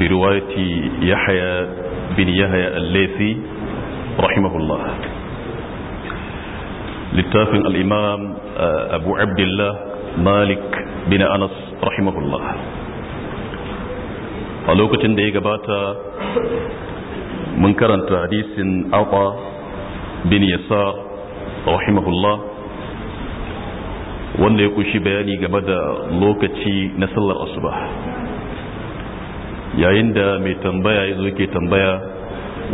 برواية يحيى بن يحيى الليثي رحمه الله للتافن الإمام أبو عبد الله مالك بن أنس رحمه الله a lokacin قباتا منكرا تعديس أعطى بن يسار رحمه الله wanda ya kushi bayani game da lokaci na sallar asuba yayin da mai tambaya ya zo ke tambaya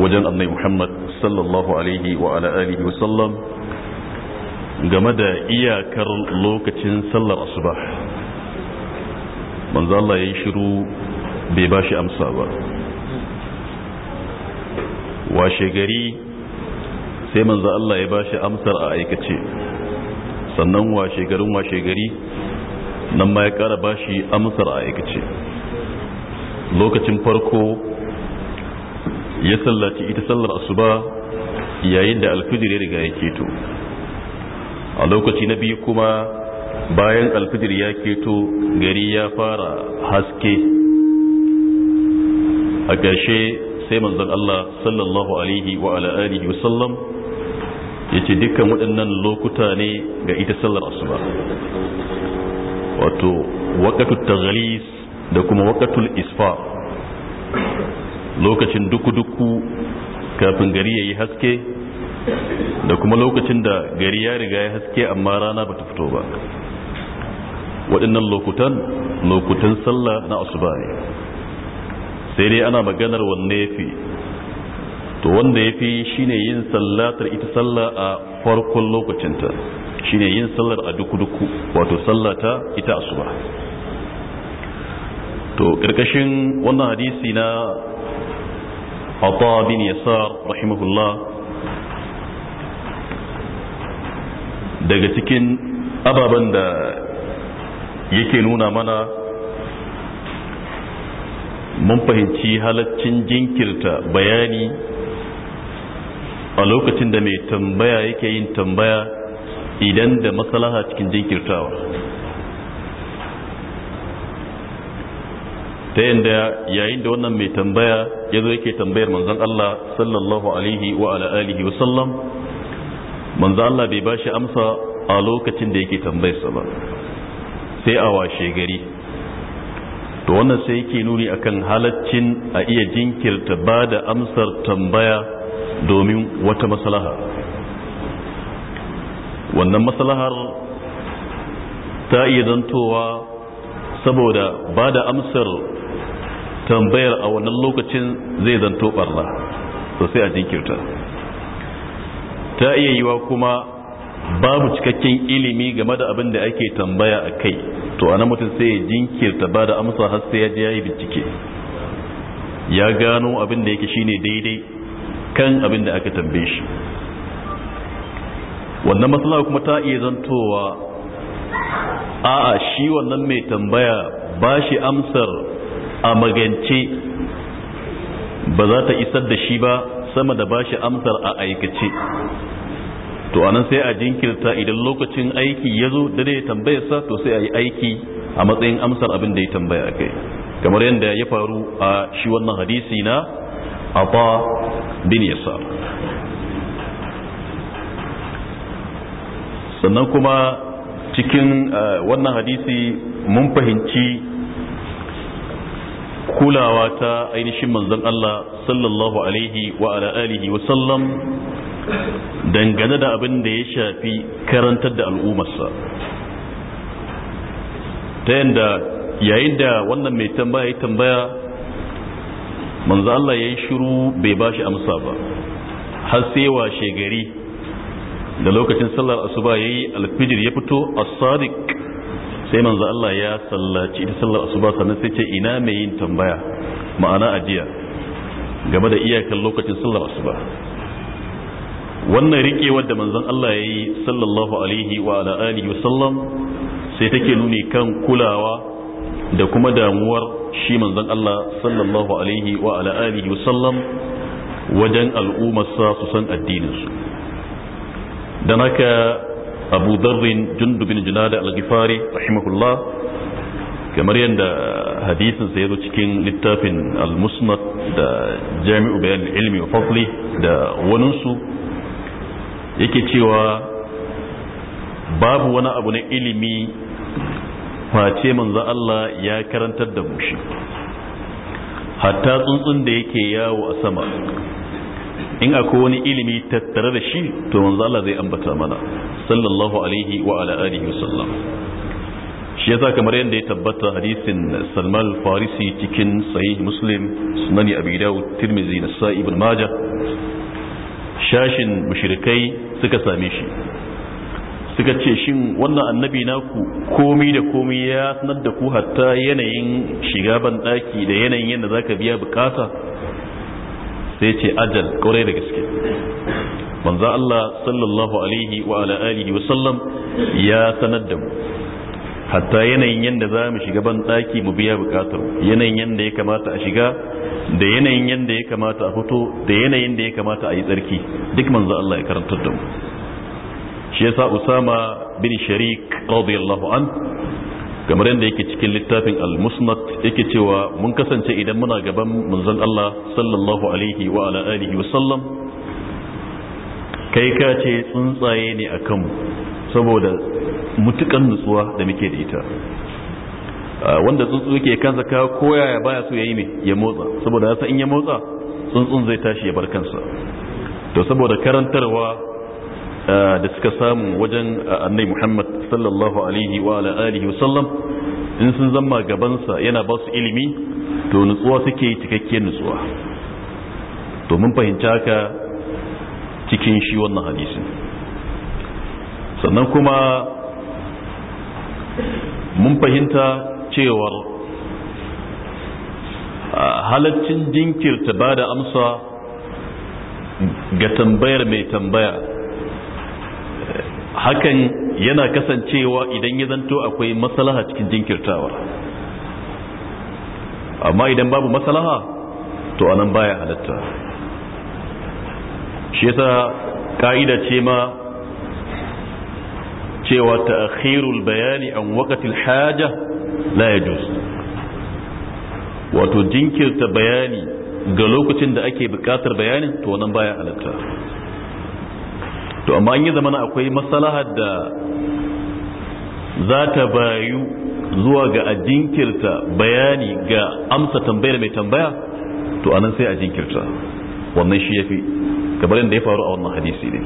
wajen annai muhammad sallallahu alaihi wa ala alihi wa sallam game da iyakar lokacin sallar asuba manzo Allah yayi shiru bai ba shi amsa ba washe gari sai manzo Allah ya ba shi amsar a aikace sannan washe garin washe gari nan ma ya kara ba shi amsar a aikace lokacin farko ya sallaci ita sallar asuba yayin da alfijir ya riga ya keto a lokaci na biyu kuma bayan alfijir ya keto gari ya fara haske a ƙarshe sai manzon Allah sallallahu alaihi wa ala wa sallam ya ce dukkan waɗannan lokuta ne ga ita sallar asuba wato waƙatu taghalis da kuma wakatul isfa lokacin duku-duku kafin gari ya yi haske da kuma lokacin da gari ya riga ya haske amma rana ba ta fito ba waɗannan lokutan lokutan sallah na asuba ne sai dai ana maganar wanne ya fi to wanda ya fi shine yin sallatar ita sallah a farkon lokacinta shine yin sallar a duku-duku wato sallata ita asuba to karkashin wannan hadisi na Ata bin Yasar rahimahullah daga cikin ababen da yake nuna mana mun fahimci halaccin jinkirta bayani a lokacin da mai tambaya yake yin tambaya idan da maslaha cikin jinkirtawa ta yadda yayin da wannan mai tambaya ya zo yake tambayar manzon Allah sallallahu alaihi wa ala alihi wa sallam manzon Allah bai ba shi amsa a lokacin da yake tambayarsa ba sai a washe gari to wannan sai yake nuni akan halaccin a iya jinkirta ba da amsar tambaya domin wata maslaha wannan maslahar ta iya zantowa saboda ba da amsar tambayar a wannan lokacin zai zanto barna to sai a jinkirta ta iya yiwa kuma babu cikakken ilimi game da abin da ake tambaya a kai to ana mutum sai ya jinkirta ba da amsa har sai ya je ya yi bincike ya gano abin da yake shine daidai kan abin da aka tambaye shi wannan matsala kuma ta iya zantowa a'a shi wannan mai tambaya ba shi amsar a magance ba za ta isar da shi ba sama da bashi amsar a aikace to anan sai a jinkirta idan lokacin aiki ya zo da ya sa to sai a yi aiki a matsayin amsar abin da ya tambaya a kai kamar yadda ya faru a shi wannan hadisi na a ba bin yasa sannan kuma cikin eh, wannan hadisi mun fahimci kulawa ta ainihin manzon Allah sallallahu alaihi wa ala alihi wa sallam dangane da abin da ya shafi karantar da al'ummarsa ta yadda yayin da wannan mai tambaya ya tambaya manzo Allah ya yi shiru bai ba shi amsa ba har sai shegari da lokacin sallar asuba ya yi alfijir ya fito a sadiq sai manzo Allah ya sallaci ita sallar asuba sannan sai ce ina mai yin tambaya ma'ana ajiya game da iyakan lokacin sallar asuba wannan rikewar da manzon Allah ya yi sallallahu alaihi wa ala alihi wasallam sai take nuni kan kulawa da kuma damuwar shi manzon Allah sallallahu alaihi wa ala alihi wasallam wajen al'ummarsa su san addininsu dan haka abu darwin jundu bin junada al-gifari rahimahullah kamar yadda hadisin sa yazo cikin littafin al-musnad da jami'u bayan ilmi wa fadli da waninsu yake cewa babu wani abu na ilimi face manzo Allah ya karantar da mushi hatta tsuntsun da yake yawo a sama in akwai wani ilimi tattare da shi to manzo Allah zai ambata mana sallallahu alaihi wa ala alihi wa sallam shi yasa kamar yadda ya tabbata hadisin Salman Farisi cikin sahih Muslim Sunan Abi Dawud Tirmidhi Nasa'i ibn Majah shashin mushrikai suka same shi suka ce shin wannan annabi naku komi da komi ya sanar da ku hatta yanayin shiga ban daki da yanayin yadda zaka biya bukata sai ce ajal kwarai da gaske manzo Allah sallallahu alaihi wa ala alihi wa sallam ya sanar da mu hatta yanayin yadda za mu shiga ban ɗaki mu biya bukatar yanayin yadda ya kamata a shiga da yanayin yadda ya kamata a fito da yanayin da ya kamata a yi tsarki duk manzo Allah ya karantar da mu shi yasa Usama bin Sharik radiyallahu an kamar yadda yake cikin littafin al-musnad yake cewa mun kasance idan muna gaban manzon Allah sallallahu alaihi wa ala alihi wa sallam kai ka ce tsuntsaye ne a kanmu saboda mutukan nutsuwa da muke da ita ah, wanda tsuntsu ke kansa ka koya ya baya so yayi me ya motsa saboda yasa in ya motsa tsuntsun zai tashi ya bar kansa to saboda karantarwa da suka samu wajen annai muhammad sallallahu alaihi wa alihi wasallam in sun zama gabansa yana ba su ilimi to nutsuwa suke cikakkiyar nutsuwa to mun fahimci haka cikin shi wannan hadisin sannan kuma mun fahimta cewar halaccin jinkirta ba da amsa ga tambayar mai tambaya hakan yana kasancewa idan ya zanto akwai matsalaha cikin jinkirtawa amma idan babu matsalaha to anan baya halatta shi yasa ka'ida ce ma cewa ta akhirul bayani an waqtil haja la yajuz wato jinkirta bayani ga lokacin da ake buƙatar bayanin to nan baya halatta to amma an yi zamana akwai masalahar da za ta bayu zuwa ga a jinkirta bayani ga amsa tambayar mai tambaya to anan sai a jinkirta wannan shi ya fi kamar da ya faru a wannan hadisi ne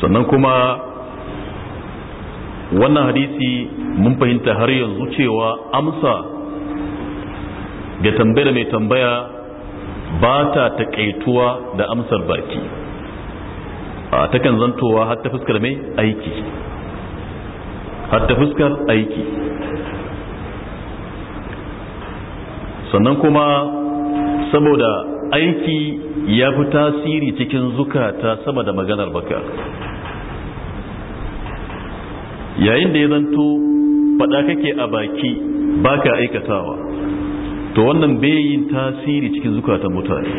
sannan kuma wannan hadisi mun fahimta har yanzu cewa amsa ga tambayar mai tambaya ba ta taƙaituwa da amsar baki A takan zantowa har ta fuskar mai aiki har ta fuskar aiki sannan kuma saboda aiki ya fi tasiri cikin zukata sama da maganar baka yayin da ya zanto faɗa kake a baki baka aikatawa to wannan bai yin tasiri cikin zukatan mutane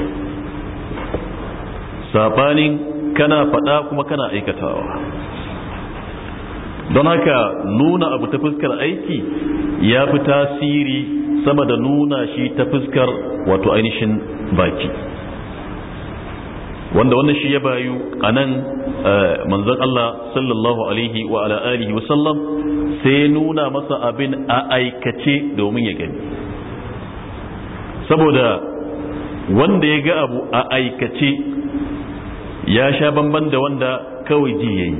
saɓanin kana faɗa kuma kana aikatawa don haka nuna abu ta fuskar aiki ya fi tasiri sama da nuna shi ta fuskar wato ainihin baki wanda wannan shi ya bayu a nan eh, manzan Allah sallallahu alaihi wa ala alihi wa sai nuna masa abin a aikace domin ya gani saboda wanda ya ga abu a aikace ya sha bamban da wanda kawai ji yayi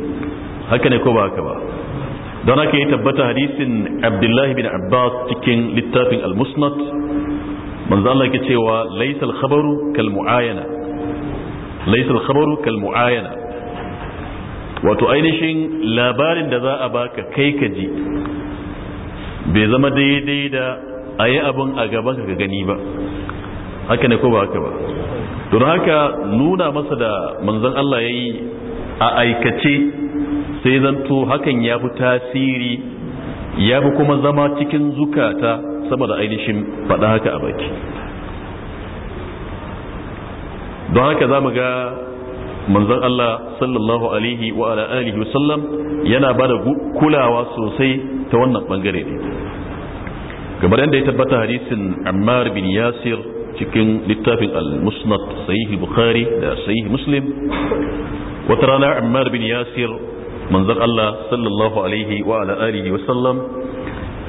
haka ne ko ba haka ba don haka ya tabbata hadisin abdullahi bin abbas cikin littafin al-musnad manzo Allah yake cewa laysa al-khabaru kal mu'ayana laysa al-khabaru kal mu'ayana wato ainihin labarin da za a baka kai ka ji bai zama daidai da a yi abin a gaba ka gani ba haka ne ko ba haka ba don haka nuna masa da manzon Allah ya yi a aikace sai zanto hakan ya fi tasiri ya fi kuma zama cikin zukata sama da ainihin faɗa haka a baki don haka za mu ga manzon Allah sallallahu alaihi wa ala alihi wasallam yana ba da kulawa sosai ta wannan bangare ne kamar yadda ya tabbata hadisin ammar bin yasir cikin littafin al-musnad sahihi bukhari da sahihi muslim wata rana ammar bin yasir manzon Allah sallallahu alaihi wa ala alihi wa sallam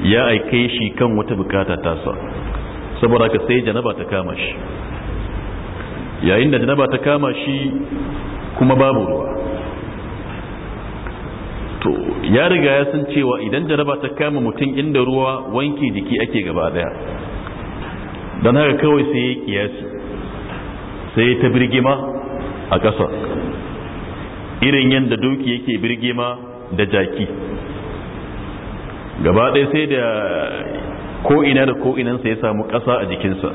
ya aike shi kan wata bukata tasa saboda ka sai janaba ta kama shi yayin da janaba ta kama shi kuma babu ruwa to ya riga ya san cewa idan jaraba ta kama mutum inda ruwa wanke jiki ake gaba daya don haka kawai sai ya kiyasi sai ta ta birgima a ƙasa irin yadda doki yake birgima da jaki gaba ɗaya sai da ko'ina da ko'inansa ya samu ƙasa a jikinsa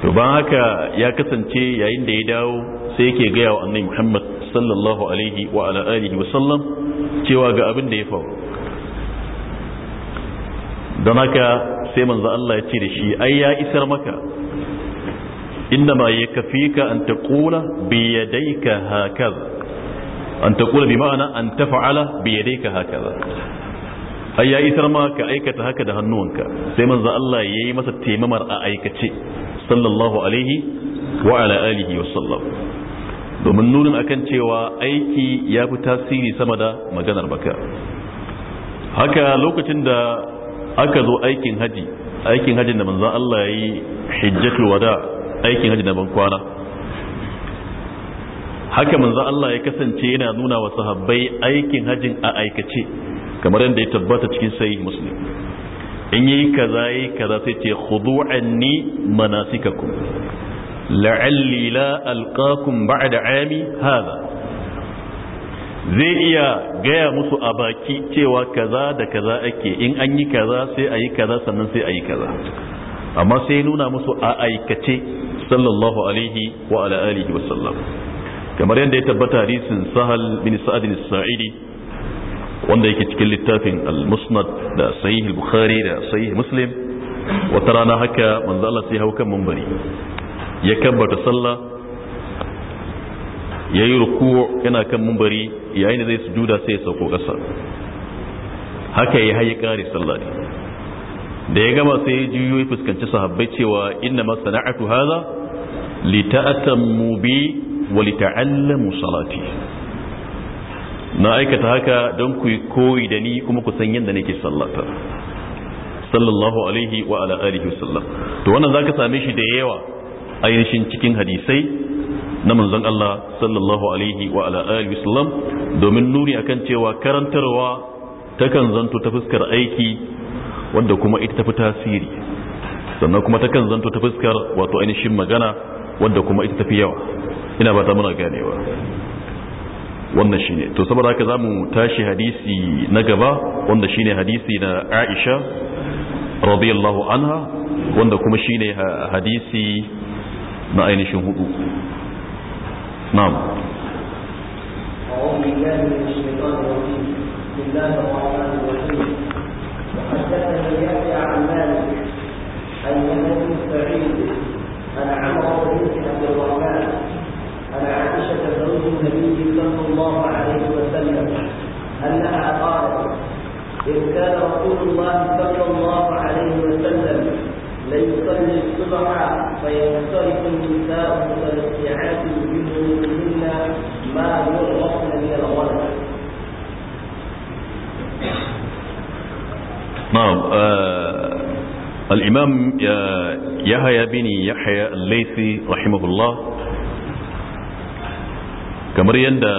to ban haka ya kasance yayin da ya dawo sai yake gaya wa annabi muhammad sallallahu alaihi wa ala'alihi alihi wa sallam cewa ga abin da ya faru don haka sai manzo Allah ya ce da shi ai ya isar maka innama yakfika an taqula biyadai ka haka?" an taqula bi ma'ana an taf'ala biyadai ka haka. ai ya isar ma ka aikata haka da hannuwanka sai manzo Allah ya yi masa taimamar a aikace sallallahu alaihi wa ala alihi wa sallam domin nunin akan cewa aiki ya fi tasiri sama da maganar baka haka lokacin da aka zo aikin haji aikin hajji da manzan Allah ya yi hijjatul wada aikin hajji da ban kwana haka manzan Allah ya kasance yana nuna wa sahabbai aikin hajin a aikace kamar yadda ya tabbata cikin sai muslim in yi kaza yi kaza sai ce khudu'anni manasikakum la'alli la alqakum da ami hadha zai iya gaya musu a baki cewa kaza da kaza ake in an yi kaza sai a yi kaza sannan sai a yi kaza amma sai nuna musu a aikace sallallahu alaihi wa ala wa sallam kamar yadda ya tabbata hadisin sahal bin sa'ad sa'idi wanda yake cikin littafin al-musnad da sahih al-bukhari da sahih muslim wata rana haka manzo Allah sai haukan kan ya kabbata sallah ya yi rukuwa yana kan mumbari yayin da zai sujuda sai ya sauko ƙasa haka ya hayi ƙari sallah ne da ya gama sai ya juyo ya fuskanci sahabbai cewa inna ma sana'atu haza li ta'tammu bi wa li ta'allamu salati na aikata haka don ku koyi da ni kuma ku san yadda nake sallata sallallahu alaihi wa ala alihi wasallam to wannan zaka same shi da yawa ainihin cikin hadisai na manzon Allah sallallahu alaihi wa ala alihi wasallam domin nuni akan cewa karantarwa takan zanto ta fuskar aiki wanda kuma ita tafi tasiri sannan kuma takan zanto ta fuskar wato ainihin magana wanda kuma ita tafi yawa ina ba ta muna ganewa wannan shine to saboda haka zamu tashi hadisi na gaba wanda shine hadisi na Aisha radiyallahu anha wanda kuma shine hadisi na ainihin hudu na'am أعوذ بالله من الشيطان الرجيم بسم الله الرحمن الرحيم عن مالك عن الرحمن عائشة صلى الله عليه وسلم أنها قالت إذ كان رسول الله صلى الله عليه وسلم ليصلي الصبح فينصرف النساء متمتعات ببيوتهن ما يرغبن من الغرب نعم آه الإمام آه، يحيى بن يحيى الليثي رحمه الله kamar yadda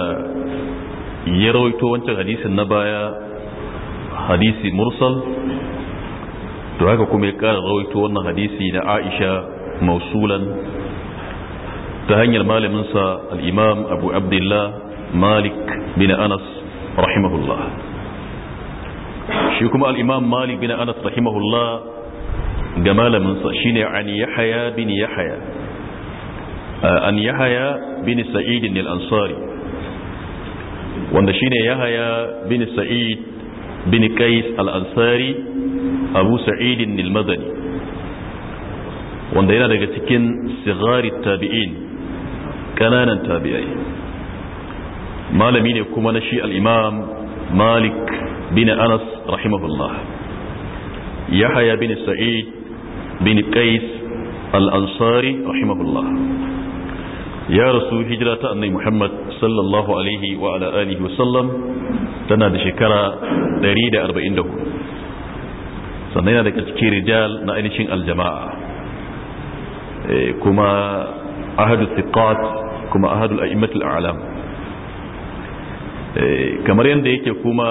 ya أنت wancan hadisin na مرسل to haka kuma ya kara rawaito wannan hadisi na aisha mausulan ta hanyar malaminsa al'imam abu abdullah malik bin anas rahimahullah shi kuma al'imam malik bin anas rahimahullah ga malaminsa shine an yahaya bin yahaya ah, an yahaya bin sa'idin al-ansari wanda shine yahaya bin sa'id bin qais al-ansari abu sa'idin nilmadani wanda yana daga cikin sigari tabi'in kananan tabi'ai malami ne kuma na shi al'imam malik bin anas rahimahullah haya bin sa'id bin qais al'ansari rahimahullah ya rasu hijira ta annai muhammad sallallahu alaihi wa ala alihi wasallam tana da shekara 144 sannan yana daga cikin rijal na ainihin aljama'a eh, kuma ahadu siqat kuma ahadu al'immatul alam eh, kamar yadda yake kuma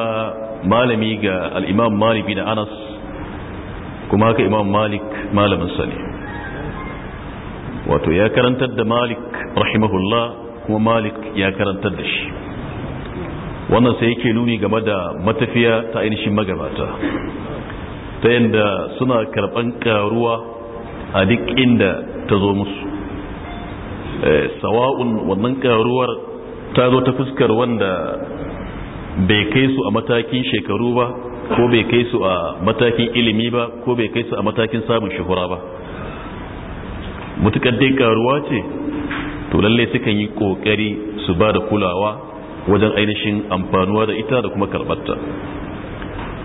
malami ga al'imam malik bin anas kuma haka imam malik malamin sa ne wato ya karantar da malik rahimahullah kuma malik ya karantar da shi wannan sai yake nuni game da matafiya ta ainihin magabata ta yadda suna karɓan karuwa a duk inda ta zo musu eh, sawa'un wannan karuwar ta zo ta fuskar wanda bai kai su a matakin shekaru ba ko bai kai su a matakin ilimi ba ko bai kai su a matakin samun shahura ba mutukar dai karuwa ce to lallai sukan yi kokari su ba da kulawa wajen ainihin amfanuwa da ita da kuma karɓarta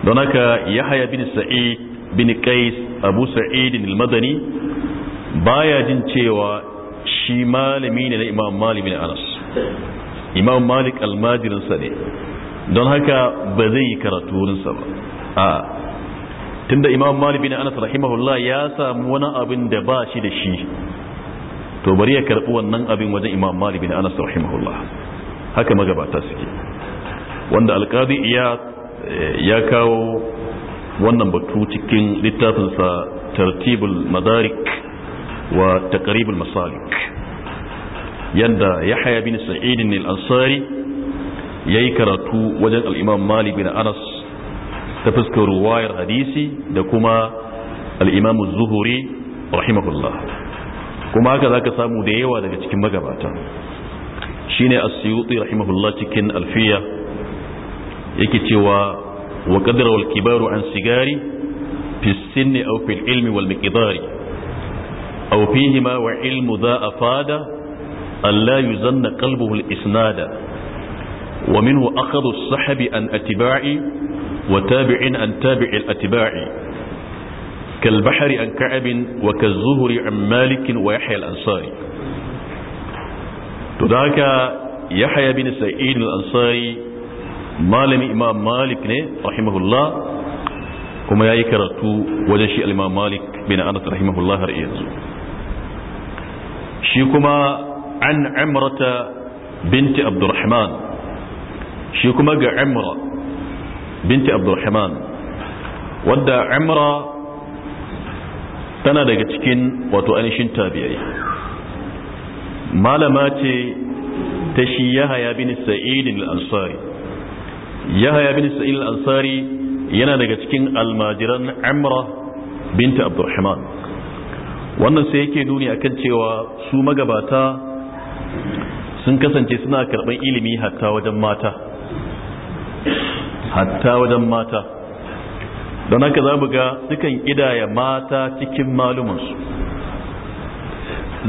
don haka Yahaya bin sa'id bin qais abu sa'id al-madani baya jin cewa shi malami ne na imam malik bin anas imam malik almajirinsa ne don haka ba zai yi karatu wurinsa ba a tunda imam malik bin anas rahimahullah ya samu wani abin da ba shi da shi to bari ya karbi wannan abin wajen imam malik bin anas rahimahullah haka magabata suke wanda alqadi iya ya kawo wannan batu cikin littafinsa tartibul madarik wa taqribul masalik ya yahya bin sa'id bin ya ansari yayi karatu wajen al malibina bin anas ta fuskar ruwayar hadisi da kuma alimam zuhuri rahimahullah kuma haka zaka samu da yawa daga cikin magabata shine as-suyuti rahimahullah cikin alfiya yake cewa wa qadra wal kibaru an sigari fi sinni aw fil ilmi wal miqdari aw fihi ma wa ilmu dha afada alla yuzanna qalbuhu al isnada wa minhu akhadhu as sahabi an atiba'i wa tabi'in an tabi'i al atiba'i kal kal bahri an wa zuhri an malik wa yahya al ansari to daga yahya bin sa'id al ansari malami imam malik ne rahimahullah kuma ya yi karatu wajen shi imam malik bin anas rahimahullah har yanzu shi kuma an imrata binti abdurrahman shi kuma ga imra binti abdurrahman wadda imra tana daga cikin wato ainihin tabi'ai malama ce ta shi yahaya bin sa'idin al-ansari yahaya bin sa'il al-ansari yana daga cikin almajiran amra binta abdurrahman wannan sai yake nuni akan cewa su magabata sun kasance suna karɓar ilimi hatta wajen mata hatta wajen mata don haka za mu ga sukan idaya mata cikin malumansu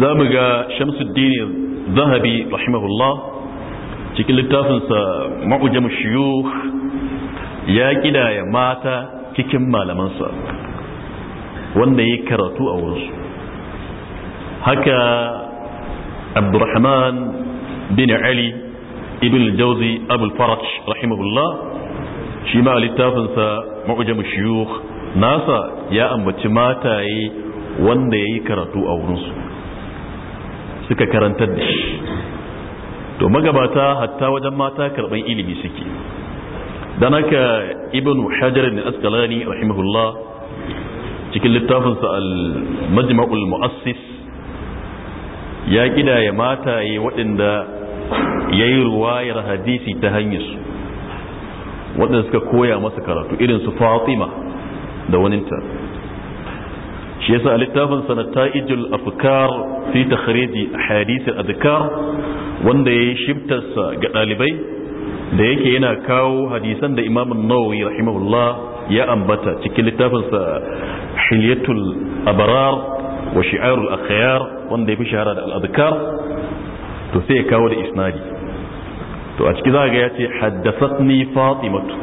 za mu ga shamsuddin zahabi rahimahullah cikin littafinsa ma'ujam shuyukh ya kidaya mata cikin malamansa wanda ya karatu a wurinsu haka abdurrahman bin ali ibn jauzi abul faraj rahimahullah shi ma a littafinsa ma'ujam shuyukh nasa ya ambaci mataye wanda ya yi karatu a wurinsu suka karantar da shi to magabata hatta wajen mata karɓar ilimi suke da haka ibn hajar da askalani rahimahullah cikin littafinsa al-majma'ul mu'assis ya kidaya mataye waɗanda ya yi ruwayar hadisi ta su waɗanda suka koya masa karatu irin su fatima da waninta shi yasa a littafin sana ta'ijul afkar fi takhriji hadith adkar wanda yayi shiftarsa ga dalibai da yake yana kawo hadisan da Imam an-Nawawi rahimahullah ya ambata cikin littafin sa hilyatul abrar wa shi'arul akhyar wanda fi shahara da al-adkar to sai ya kawo da isnadi to a ciki za ga ya ce haddathatni fatimatu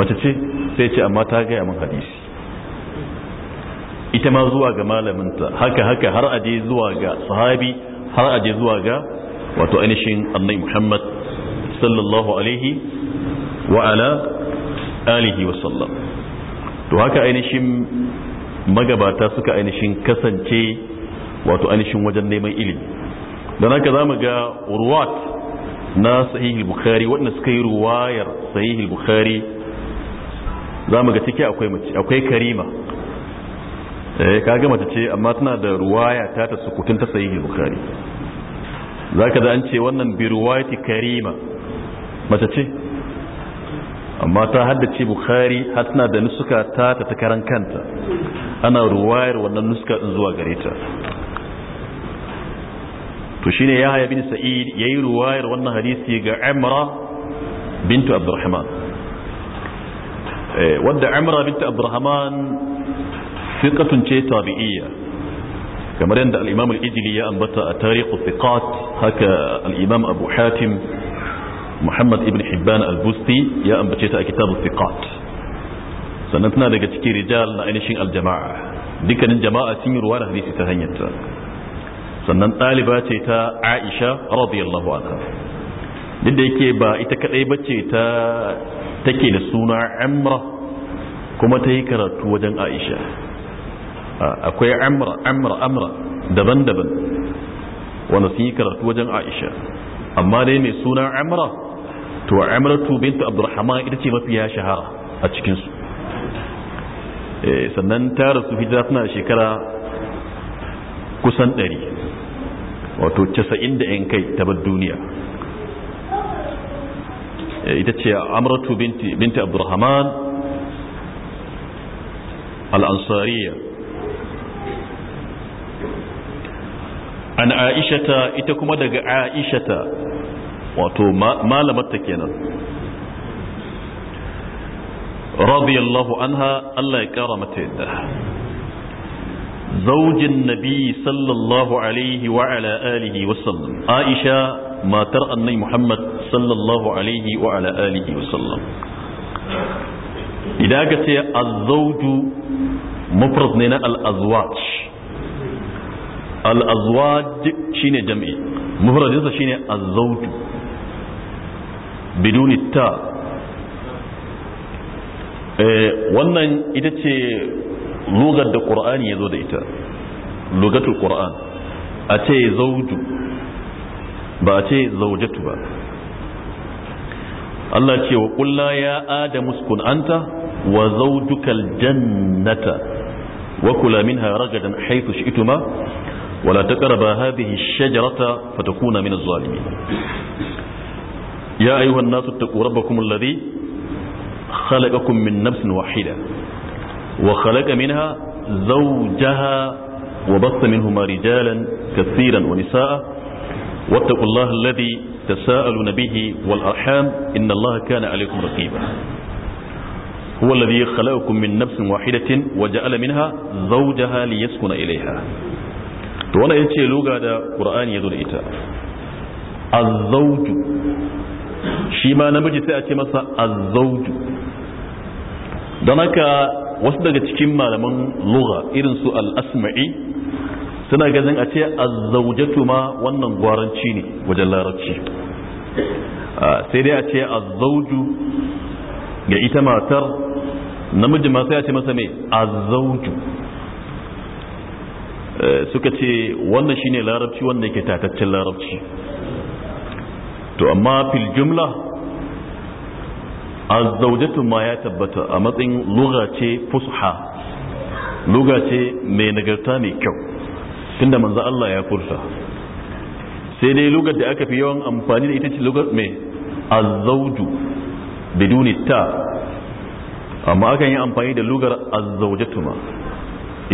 mace ce sai ce amma ta gaya min hadisi ita ma zuwa ga malaminta haka haka har a je zuwa ga sahabi har a je zuwa ga wato ainihin annabi Muhammad sallallahu alaihi wa ala alihi wa sallam to haka ainihin magabata suka ainihin kasance wato ainihin wajen neman ilimi don haka zamu ga urwat na sahihul bukhari wanda suka yi ruwayar sahihul bukhari zamu ga ciki akwai mace akwai karima eh ka gama ta ce amma tana da ruwaya ta ta sukutun ta sayi bukari za da an ce wannan bi ruwayati karima mace ce amma ta haddace bukari har tana da nusuka ta ta ta karan kanta ana ruwayar wannan nuska din zuwa gare ta to shine ya haya bin sa'id yayi ruwayar wannan hadisi ga amra bintu abdurrahman eh, wadda amra bintu abdurrahman fiqatun ce tabi'iyya kamar yadda al-imam al-ijli ya ambata a tariqu fiqat haka al-imam abu hatim muhammad ibn hibban al-busti ya ambace ta a kitabu fiqat sannan tana daga cikin rijal na ainihin al-jama'a dukkanin jama'a sun yi ruwa da hadisi ta hanyarta sannan ɗaliba ce ta aisha radiyallahu anha duk da yake ba ita kadai bace ta take da suna amra kuma ta yi karatu wajen aisha akwai amra amra amra daban-daban wanda sun yi karatu wajen aisha amma dai mai suna amra to amratu bintu abdurrahman ita ce mafiya shahara a cikinsu sannan ta rasu hijira tana shekara kusan 100 wato 90 da 'yan kai ta bar duniya ita ce amratu binti abdurrahman al'ansariya an aishata ita kuma daga aishata wato malamarta kenan radiyallahu anha Allah ya kara mata yadda zaujin nabi sallallahu alaihi wa ala alihi wa sallam aisha matar annai muhammad sallallahu alaihi wa ala alihi wa sallam idan aka ce azzauju mufrad ne na al-azwaj al-azwaj shine jam'i mufradinsa shine az-zawj biduni ta eh, wannan ita ce lugar da qur'ani ya zo da ita lugatul qur'an a ce zautu, ba a ce zaujatu ba Allah ce wa ƙulla ya adamu uskun anta wa zaujukal jannata wa kula min minha ragadan haythu ituma. ولا تقرب هذه الشجرة فتكون من الظالمين يا أيها الناس اتقوا ربكم الذي خلقكم من نفس واحدة وخلق منها زوجها وبث منهما رجالا كثيرا ونساء واتقوا الله الذي تساءلون به والأرحام إن الله كان عليكم رقيبا هو الذي خلقكم من نفس واحدة وجعل منها زوجها ليسكن إليها to wannan ya ce luga da qur'ani ya zo da ita azzauju shi ma namiji sai a ce masa azzauju don haka wasu daga cikin malaman lugha irin su Al'asma'i asmai suna ganin a ce azzaujatu ma wannan gwaranci ne wajen larabci sai dai a ce azzauju ga ita matar namiji ma sai a ce masa mai azzauju Eh, suka ce wannan shine larabci wanda yake tataccen larabci to amma fil jumla azzaujatu ma ya tabbata a matsayin lugha ce fusha lugha ce mai nagarta mai kyau tunda manzo Allah ya furta sai dai lugar da aka fi yawan amfani da ita ce lugar mai azzauju biduni ta amma akan yi amfani da lugar azzaujatu ma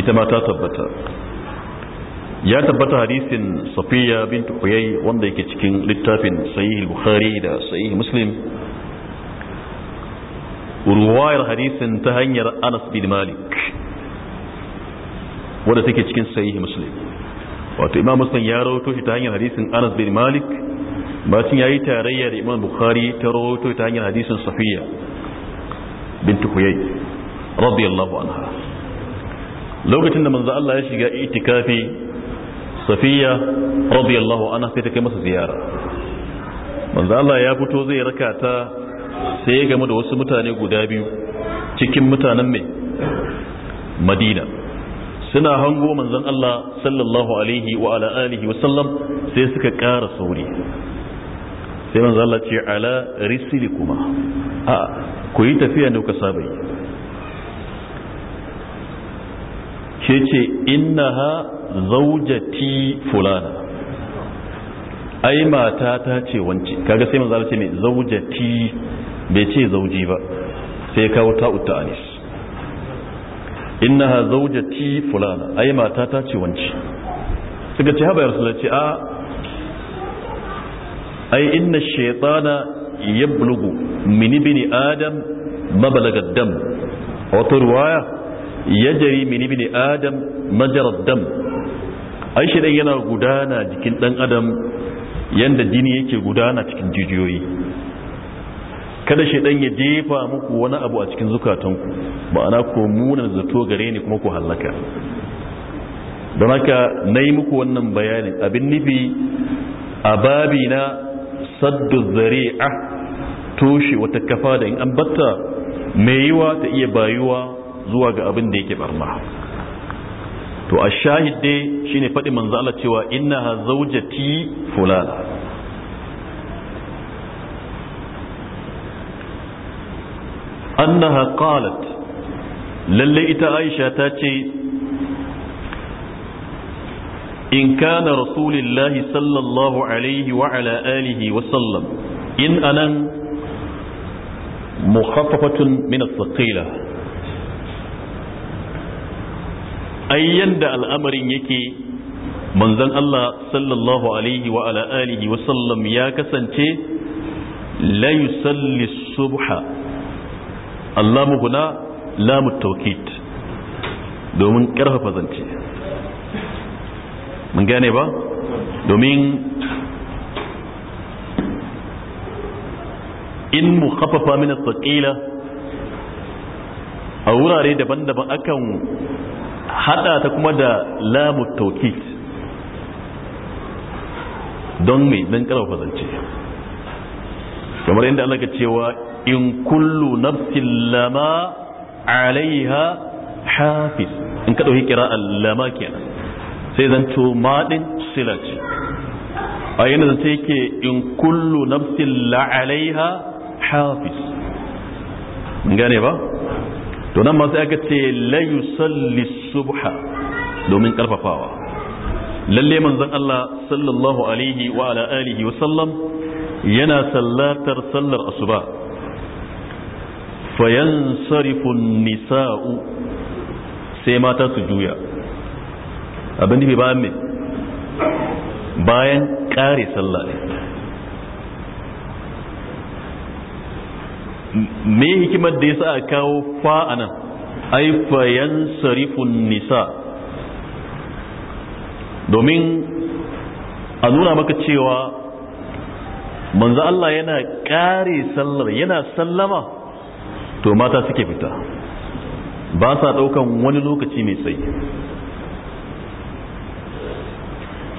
ita ma ta tabbata ya tabbata hadisin safiya bin Kuyai wanda yake cikin littafin sahih bukhari da sahih muslim ruwayar hadisin ta hanyar anas bin malik wanda take cikin sahih muslim wato imam muslim ya rawato shi ta hanyar hadisin anas bin malik bacin ya yi tarayya da imam bukhari ta rawato ta hanyar hadisin safiya bint huyay radiyallahu anha lokacin da manzo Allah ya shiga itikafi safiya radiyallahu anha sai ta kai masa ziyara manzo Allah ya fito zai raka ta sai ya gamu da wasu mutane guda biyu cikin mutanen mai madina suna hango manzon Allah sallallahu alaihi wa ala alihi wa sallam sai suka ƙara sauri sai manzon Allah ce ala risilikuma. kuma a ku yi tafiya ne ku saba yi ke ce innaha zaujati fulana ai mata ta ce wance kaga sai manzo Allah ce mai zaujati bai ce zauji ba sai kawo wuta utta anis innaha zaujati fulana ai mata ta ce wance daga ce haba ya rasulullah ce a ai inna shaytana yablugu min ibni adam mabalaga dam a wata ruwaya yajri min ibni adam majra dam shi dai yana gudana jikin dan adam yanda jini yake gudana cikin jijiyoyi kada shi ɗan ya jefa muku wani abu a cikin zukatanku ma'ana ko munar zato gare ni kuma ku hallaka don haka na yi muku wannan bayanin abin nufi a babi na saddu zari'a toshe wata kafa da in an batta mai yiwa ta iya bayuwa zuwa ga abin da yake barna to a shahid dai shine faɗi manzo Allah cewa innaha zaujati fulana annaha qalat lalle ita Aisha ta ce in kana rasulillahi sallallahu alaihi wa ala alihi wa sallam in anan mukhaffafatun min as-saqila ai yanda al'amarin yake manzan Allah sallallahu alaihi wa ala alihi wa sallam ya kasance la yusalli subha Allahu huna lamu tawkid domin karfafa zance mun gane ba domin in mu khaffafa min at a wurare daban-daban akan hada ta kuma da lamu taukit don mai don karfafa zance kamar yadda Allah ka cewa in kullu nafsin lama alaiha hafiz in ka dauki kira lama kenan sai zanto madin silat a yana zance yake in kullu nafsin la alaiha hafiz gane ba to nan ma sai aka ce la yusallis subha domin karfafawa lalle manzon Allah sallallahu alaihi wa ala alihi wa sallam yana sallatar sallar asuba fayansarifu nisa'u sai mata su juya abin nufi bayan me bayan kare sallah me hikimar da ya sa a kawo fa'anan ai fayan sarifun nisa domin a nuna maka cewa manzo Allah yana ƙare sallar yana sallama to mata suke fita ba sa ɗaukan wani lokaci mai tsayi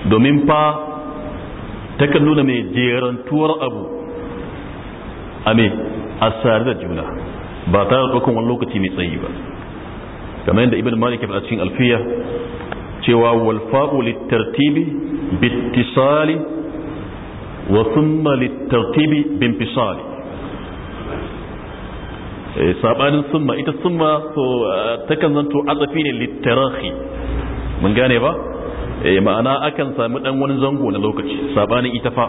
domin fa takan nuna mai jerantuwar abu a mai a da juna ba tare da ɗaukan wani lokaci mai tsayi ba kamar yadda ibn malik ibn cikin alfiya cewa wal fa'u litartibi bittisali wa thumma litartibi binfisali eh, sabanin summa ita summa so eh, takan zanto azafi ne littarahi mun gane ba eh, ma'ana akan sami dan wani zango na lokaci sabanin ita fa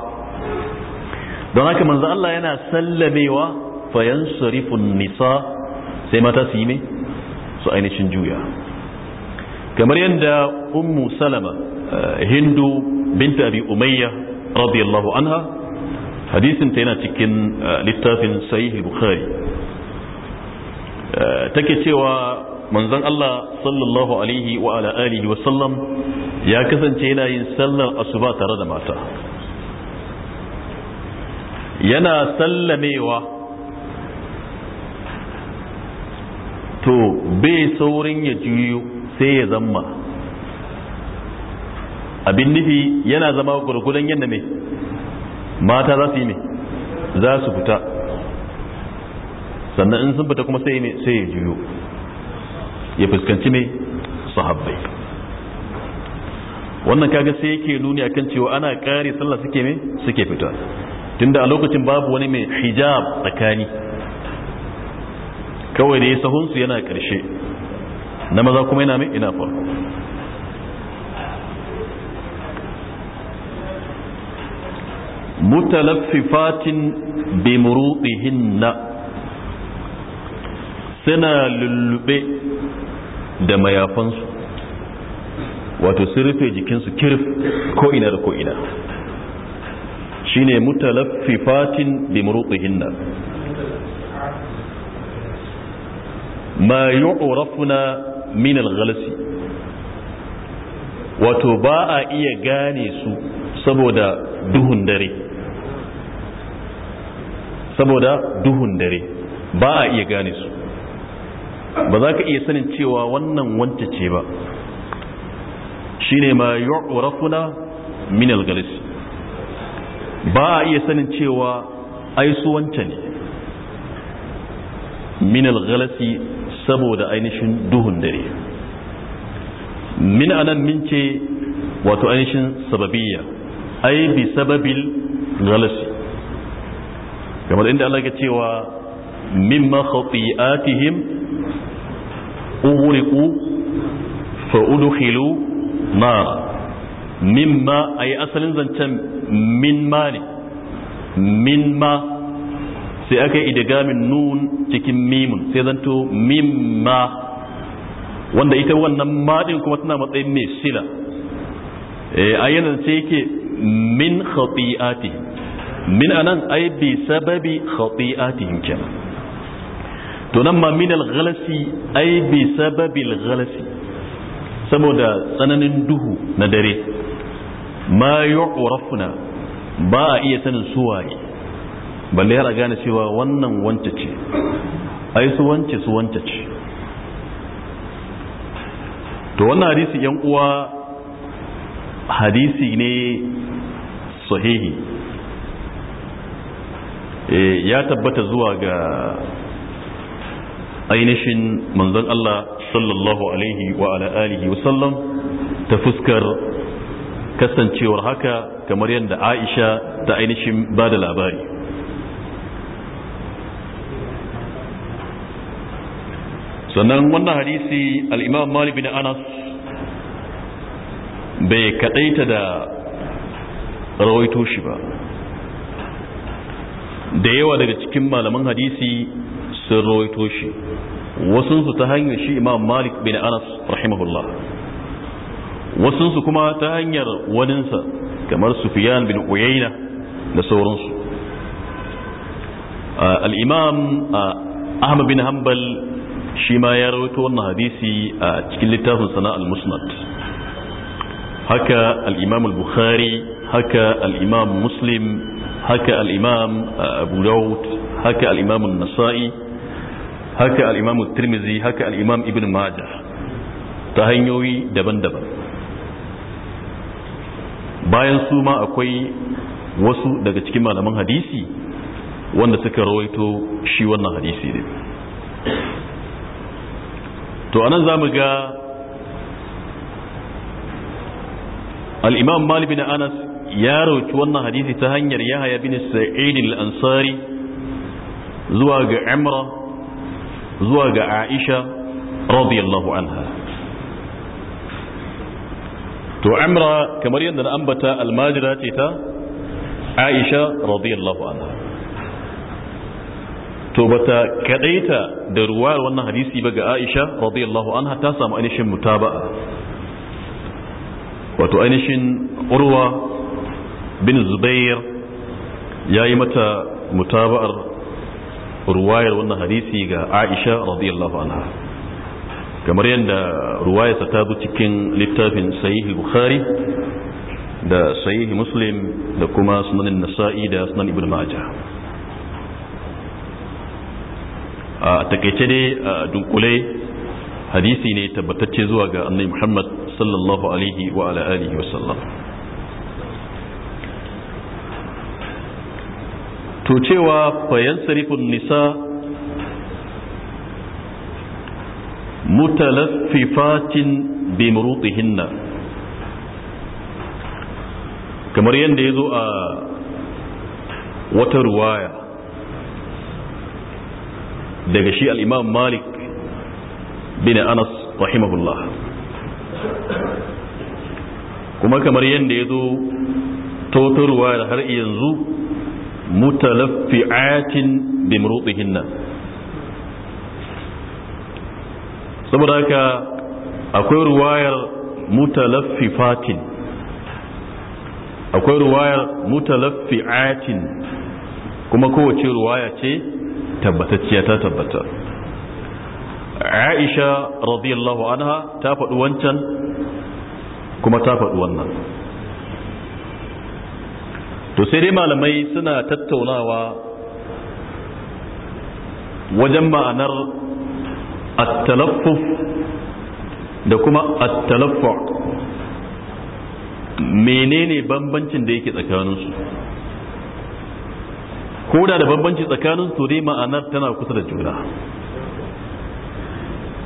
don haka manzo Allah yana sallamewa fayan sarifun nisa sai mata su yi su ainihin juya kamar yadda ummu salama eh, hindu binta abi umayya radiyallahu anha hadisin ta yana cikin eh, littafin sahih bukhari eh, take cewa manzon Allah sallallahu alaihi wa ala alihi wa sallam ya kasance yana yin sallar asuba tare da mata yana sallamewa to bai saurin ya juyo sai ya zama abin nufi yana zama gurgudan yadda ne mata za su yi ne za su fita sannan in sun fita kuma sai ne sai ya juyo ya fuskanci ne sahabbai wannan kaga sai yake nuni akan cewa ana kare sallah suke ne suke fita tunda a lokacin babu wani mai hijab tsakani kawai da ya sahunsu yana ƙarshe na maza kuma yana mai ina farko mutalaffifatin bi na? suna lullube da mayafansu wato sun rufe jikinsu kirif ko ina da ko ina shine mutalaffifatin bi na? ma yu'rafuna min al-ghalasi wato ba a iya gane su saboda duhun dare saboda duhun dare ba a iya gane su ba za ka iya sanin cewa wannan wanta ce ba shine ma yu'rafuna min al-ghalasi ba a iya sanin cewa ai su wanta ne min al-ghalasi saboda ainihin duhun dare min anan min ce wato ainihin sababiyya ai bi sababil ghalasi kamar inda Allah ya cewa mimma khati'atihim ughriqu fa udkhilu nar mimma ai asalin zancen min ma ne min ma sai aka yi idigamin nun cikin mimun sai zanto mimma wanda ita wannan maɗin kuma tana matsayin mai sila eh, ayyanan sai yake min khati'ati min anan ay bi sababi khati'atihim kenan to nan ma min al-ghalasi ay bi sababi al-ghalasi saboda tsananin duhu na dare ma yu'rafuna ba a iya sanin suwaye balle har a gane cewa wannan wanta ce ai su wance su wanta ce to wannan hadisi yan uwa hadisi ne sahihi eh, ya tabbata zuwa ga ainihin manzon Allah sallallahu alaihi wa ala alihi wa sallam ta fuskar kasancewar haka kamar yadda Aisha ta ainihin da labari sannan wannan hadisi al'imam malik bin anas bai kaɗaita da rawaito shi ba da yawa daga cikin malaman hadisi sun rawaito shi wasunsu ta hanyar shi imam malik bin anas rahimahullah wasunsu kuma ta hanyar waninsa kamar sufiyan bin uyayna da sauransu al'imam ah, ahmad bin hanbal shi ma ya rawaito wannan hadisi a cikin littafin sana al-musnad haka al-imam al-bukhari haka al-imam muslim haka al-imam uh, abu daud haka al-imam an-nasa'i haka al-imam at-tirmidhi haka al-imam ibn majah ta hanyoyi daban-daban bayan su ma akwai wasu daga cikin malaman hadisi wanda suka rawaito shi wannan hadisi ne تو انا za الامام مالك بن انس يا anas wannan hadisi ta hanyar yahya bin sa'id al-ansari zuwa ga amra zuwa ga aisha radiyallahu anha to amra kamar yadda na ambata almajira ce ta aisha radiyallahu anha to bata kadaita da ruwayar wannan hadisi ba ga Aisha radiyallahu anha ta samu ainihin mutaba'a wato ainihin urwa bin zubair ya yi mata mutaba'ar ruwayar wannan hadisi ga aisha radiyallahu anha kamar yadda ruwayarsa ta zo cikin littafin sahihi bukhari da sahihi muslim da kuma sunanin nasa'i da sunan ibn majah a takaice dai dunkule hadisi ne tabbatacce zuwa ga annabi muhammad sallallahu alaihi wa ala alihi wa sallam to cewa fayan sarifin nisa mutalaffifatin murutihinna kamar yadda ya zo a wata ruwaya daga shi al malik bin anas rahimahullah kuma kamar yadda ya zo totarwa da har yanzu mutalaffi'atin bi murutihinna saboda haka akwai ruwayar mutalaffifatin akwai ruwayar mutalaffi'atin kuma kowace ruwaya ce tabbatacciya ta tabbata aisha radiyallahu anha ta faɗi wancan kuma ta faɗi wannan to sai dai malamai suna tattaunawa wajen ma'anar attalaffuf da kuma attalaffa menene bambancin da yake tsakaninsu koda da da bambanci tsakanin su dai ma'anar tana kusa da juna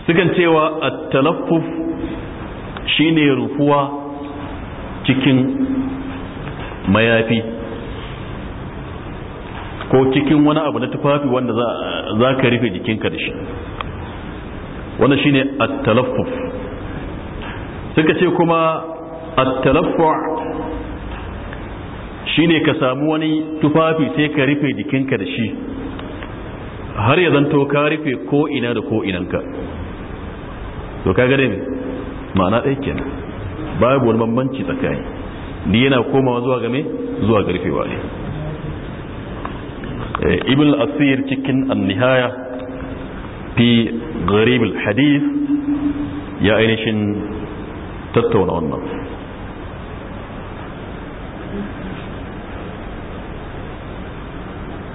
sukan cewa at-talaffuf shine rufuwa cikin mayafi ko cikin wani abu na tufafi wanda za ka rufe jikinka da shi wannan shine at-talaffuf suka ce kuma at-talaffu shine ka samu wani tufafi sai ka rufe jikinka da shi har ya zanto ka rufe ko ina da ko inanka to ka gare ne ma'ana ɗaya kenan babu wani bambanci tsakani ni yana komawa zuwa game zuwa ga rufewa ne eh, ibn al-asir cikin an-nihaya fi gharib al-hadith ya ainihin tattauna wannan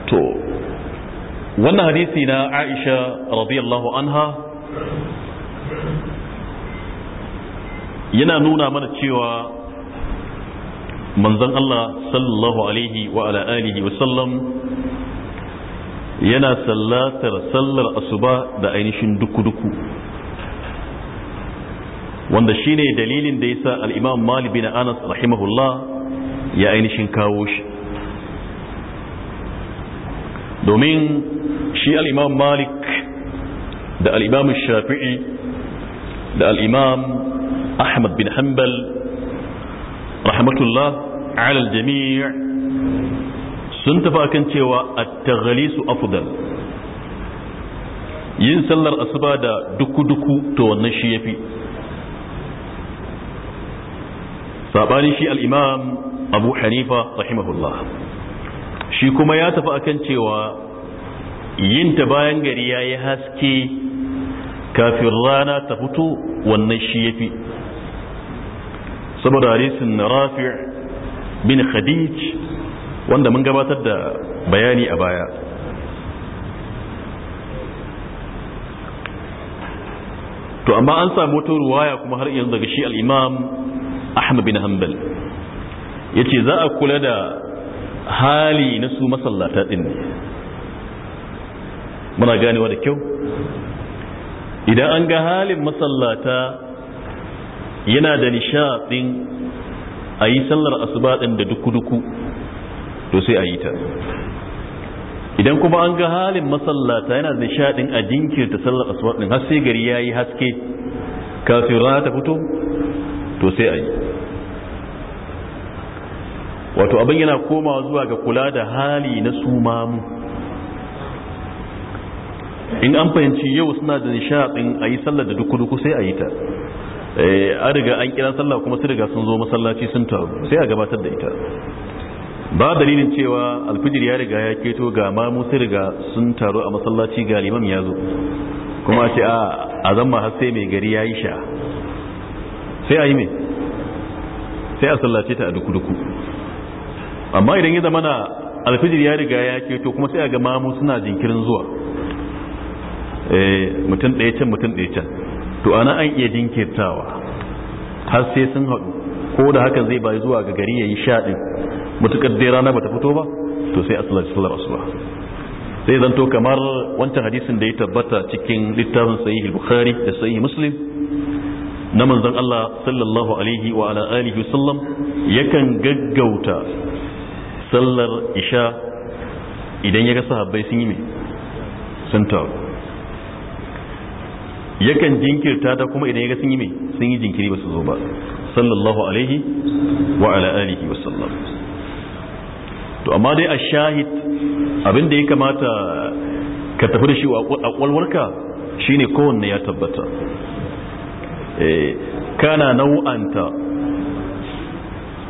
to wannan hadisi na aisha radiyallahu anha yana nuna mana cewa manzon Allah sallallahu alaihi wa ala alihi wa sallam yana sallatar sallar asuba da ainihin duku-duku wanda shine dalilin da yasa al-imam Malik bin Anas rahimahullah ya ainihin kawo shi domin shi al'imam malik da al'imam shafi'i da al'imam ahmad bin hanbal rahmatullah alal jami' sun tafi akan cewa a su afdal yin sallar asuba da duku-duku to wannan shi yafi saɓani shi al'imam abu hanifa rahimahullah shi kuma ya tafi akan cewa yin ta bayan gari ya yi haske kafin rana ta fito wannan shi ya fi saboda na rafi' bin khadij wanda mun gabatar da bayani a baya to amma an samu wata ruwaya kuma har yanzu daga shi al'imam ahmad bin hanbal ya ce za a kula da hali na su masallata din ne muna ganewa da kyau idan an ga halin masallata yana da nishaɗin a yi sallar asuba ɗin da duku-duku to sai a yi ta idan kuma an ga halin masallata yana da nishaɗin a jinkirta sallar asuba ɗin har sai gari ya yi haske kafin rana ta fito to sai a yi wato abin yana komawa zuwa ga kula da hali na su mamu in an fahimci yau suna da nishaɗin a yi sallar da duk duku sai a yi ta eh, an riga an kira sallah kuma su riga sun zo masallaci sun taru sai a gabatar da ita ba dalilin cewa alfijir ya riga ya keto ga mamu su riga sun taru a masallaci ga liman ya zo kuma ce a zama har sai mai gari ya yi sha sai a yi mai sai a sallace ta a duku-duku amma idan ya zama alfijir ya riga ya keto kuma sai a ga mamu suna jinkirin zuwa eh, mutum ɗaya can mutum ɗaya can to ana an iya jinkirtawa har sai sun haɗu ko da hakan zai bayi zuwa ga gari ya yi shaɗin mutukar dai rana bata fito ba to sai asalar sallar asuba sai zan to kamar wancan hadisin da ya tabbata cikin littafin sahih bukhari da sahih muslim na manzon Allah sallallahu alaihi wa ala alihi wasallam yakan gaggauta sallar isha idan ya ga sahabbai sun yi mai sun taru yakan jinkirta ta kuma idan ya ga sun yi mai sun yi jinkiri ba su zo ba sallallahu alaihi wa ala alihi wa sallam to amma dai a shahid abin da ya kamata ka tafi da shi a kwalwarka shine kowanne ya tabbata eh, kana nau'anta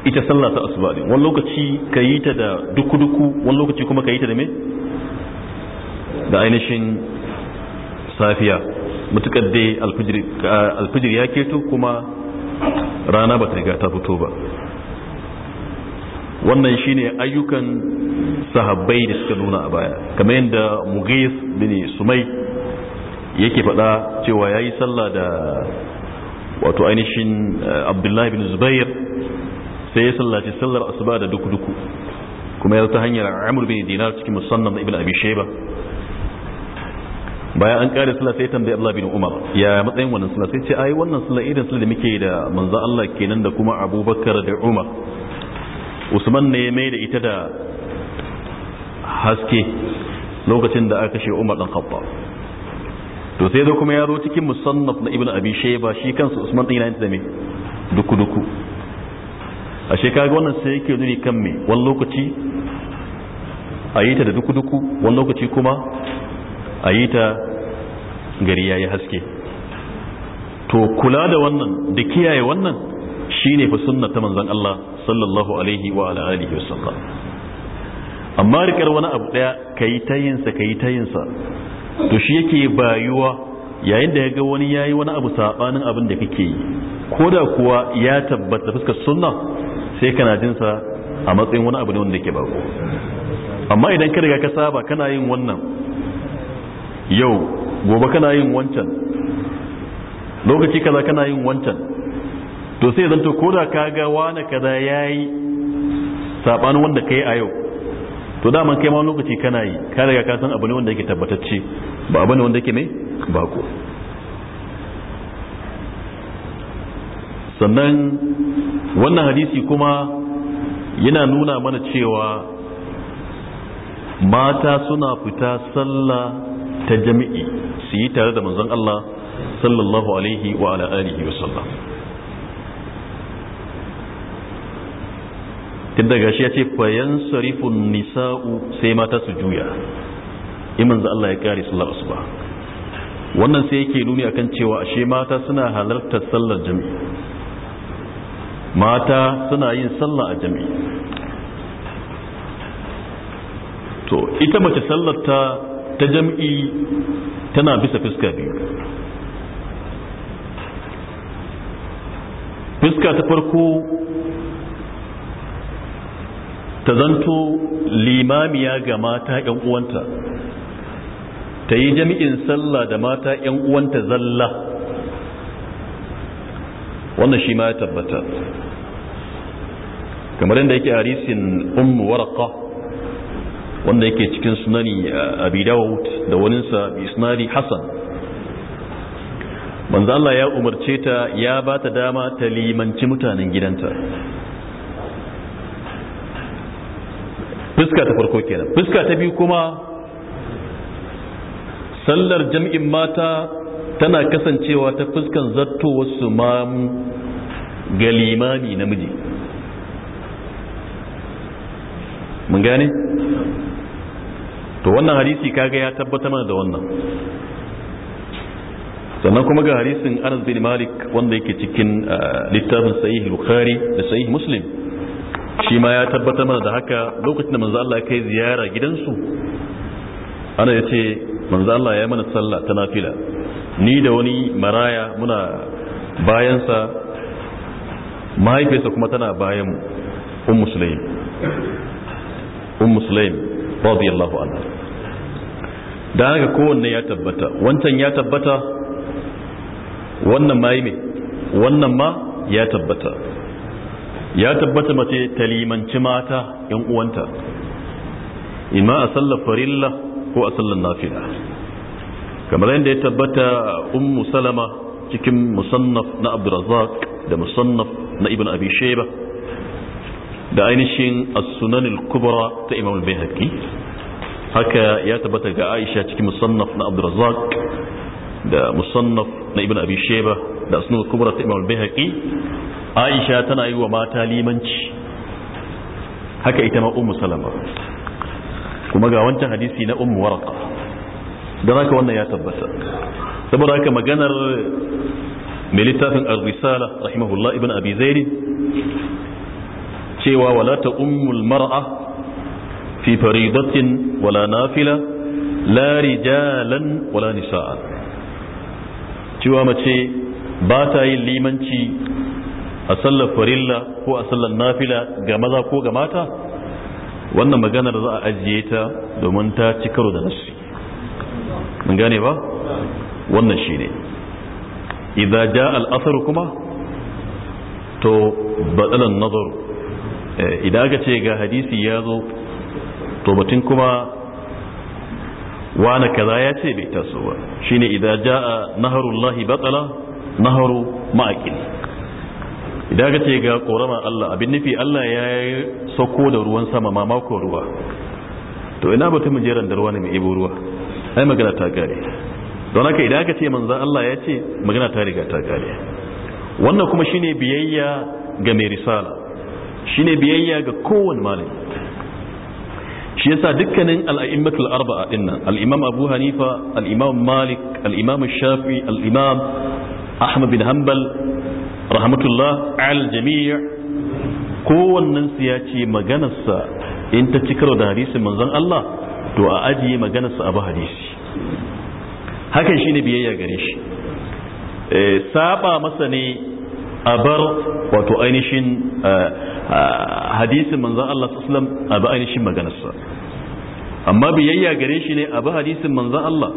ita sallah ta asuba ne wani lokaci ka yi ta da duku-duku wani lokaci kuma ka yi ta da me da ainihin safiya mutukar da alfijir ya keto kuma rana ba ta riga ta fito ba wannan shine ayyukan sahabbai da suka nuna a baya kamar yadda mugis bin sumai yake faɗa cewa ya yi sallah da wato ainihin eh, abdullahi bin zubair sai ya sallaci sallar asuba da duk duku kuma ya ta hanyar amur bin dinar cikin musannan ibn abi shayba bayan an kare sallah sai tambayi Abdullah bin Umar ya matsayin wannan sallah sai ce ai wannan sallah irin sallah da muke da manzo Allah kenan da kuma Abubakar da Umar Usman ne ya maida ita da haske lokacin da aka kashe Umar dan Khattab to sai zo kuma ya zo cikin musannaf na Ibn Abi Shayba shi kansa Usman din yana da me duku duku a shekaru wannan sai yake zuri kan me wani lokaci a yi ta da duku-duku wani lokaci kuma a yi ta gari ya yi haske to kula da wannan da kiyaye wannan shine fa sunna ta manzan Allah sallallahu alaihi wa wa sallam amma rikar wani abu daya ka ta tayinsa ka yi ta to shi yake bayuwa yayin da ya ga wani ya yi wani abu sabanin abin da kake yi ko da kuwa ya tabbata fuskar sunna sai kana jin sa a matsayin wani abu ne wanda yake bako amma idan ka riga ka saba kana yin wannan yau gobe kana yin wancan lokaci kaza kana yin wancan to sai zanto ko da ka ga wani kaza yayi sabanin wanda kai a yau to daman kai ma lokaci kana yi ka riga ka san abu ne wanda yake tabbatacce ba abu ne wanda yake mai bako sannan wannan hadisi kuma yana nuna mana cewa mata suna fita sallah ta jami'i su yi tare da manzon Allah sallallahu alaihi wa ala alihi wa sallam tun daga shi ya ce fayan sarifun nisa'u sai mata su juya imin za Allah ya kare sallar ba. wannan sai yake nuni akan cewa ashe mata suna halartar sallar jami'i mata suna yin sallah a jami'i to ita mace sallarta ta jami'i tana bisa fuska biyu fuska ta farko ta zanto limamiya ga mata 'yan uwanta ta yi jami'in sallah da mata 'yan uwanta zalla wannan shi ma ya tabbata kamar yadda yake hadisin ummu waraka wanda yake cikin sunani uh, abi dawud da waninsa bi sunari hasan manzo Allah ya umarce ta ya ba ta dama ta limanci mutanen gidanta fuska ta farko kenan fuska ta biyu kuma sallar jam'in mata tana kasancewa ta fuskan zato wasu mamu ga limami namiji mun gane to wannan hadisi kaga ya tabbata mana da wannan sannan kuma ga hadisin anas bin malik wanda yake cikin uh, littafin sahih bukhari da sahih muslim shi ma ya tabbata mana da haka lokacin da manzo Allah ya kai ziyara gidansu ana yace manzo Allah ya mana sallah ta nafila ni da wani maraya muna bayansa mahaifinsa kuma tana bayan un sulaim ummu sulaim radiyallahu anha da haka kowanne ya tabbata wancan ya tabbata wannan ma yi wannan ma ya tabbata ya tabbata mace ta limanci mata yan uwanta ima a sallar farilla ko a sallar nafila kamar yadda ya tabbata ummu salama cikin musannaf na abdurrazzaq da musannaf na ibn abi sheba da ainihin as-sunan al-kubra ta imam al-baihaqi haka ya tabbata ga aisha cikin musannaf na abdurrazzaq da musannaf na ibn abi sheba da sunan kubra ta imam al-baihaqi aisha tana yi wa mata limanci haka ita ma ummu salama kuma ga wancan hadisi na ummu warqa don haka wannan ya tabbata saboda haka maganar mai littafin ar rahimahullah ibn abi zaid cewa wala ta ummul mar'a fi faridatin wala nafila la rijalan wala nisa'a cewa mace ba ta yin limanci a sallar farilla ko a sallar nafila ga maza ko ga mata wannan maganar za a ajiye ta domin ta ci karo da nasi mun gane ba wannan shi ne idan al-athar kuma to badalan nazar eh, idan aka ce ga hadisi ya zo to batun kuma wani kaza ya ce bai taso ba shine ja jaa naharullahi batala naharu ma'aqil idan aka ce ga korama Allah abin nufi Allah ya sako da ruwan sama mamakon ruwa to ina batun mujeran da ruwa ne mai ibo ruwa ai magana ta kare don haka idan aka ce manzan Allah ya ce magana ta riga ta kare wannan kuma shine biyayya ga mai risala shine biyayya ga kowane malami shi yasa dukkanin al'a'immatul arba'a dinnan al-imam Abu Hanifa al Malik al-imam Shafi al-imam Ahmad bin Hanbal rahmatullah al jami' kowannen su ya ce maganarsa in ta ci da hadisin manzon Allah to a ajiye maganarsa abu hadisi hakan shine biyayya gare shi eh, saba masa ne a bar wato ainihin eh, hadisin manzan Allah sallam a ba ainihin maganarsa amma biyayya gare shi ne a ba hadisin manzan Allah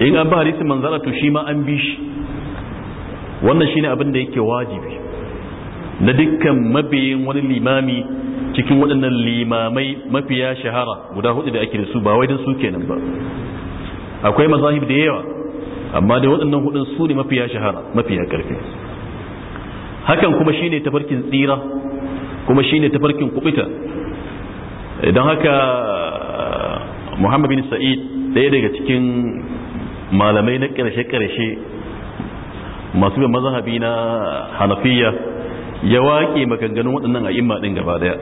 in an ba hadisin manzan Allah to shi ma an bi shi wannan shine abin da yake wajibi na dukkan mabiyin wani limami cikin waɗannan limamai mafiya shahara guda hudu da ake da su ba wai dan su kenan ba akwai mazahib da yawa amma da waɗannan hudun su ne mafiya shahara mafiya karfi hakan kuma shine tafarkin tsira kuma shine tafarkin kubita idan haka muhammad bin sa'id ɗaya daga cikin malamai na ƙarshe-ƙarshe masu bin na hanafiya ya waƙe maganganun waɗannan a'imma ɗin gaba daya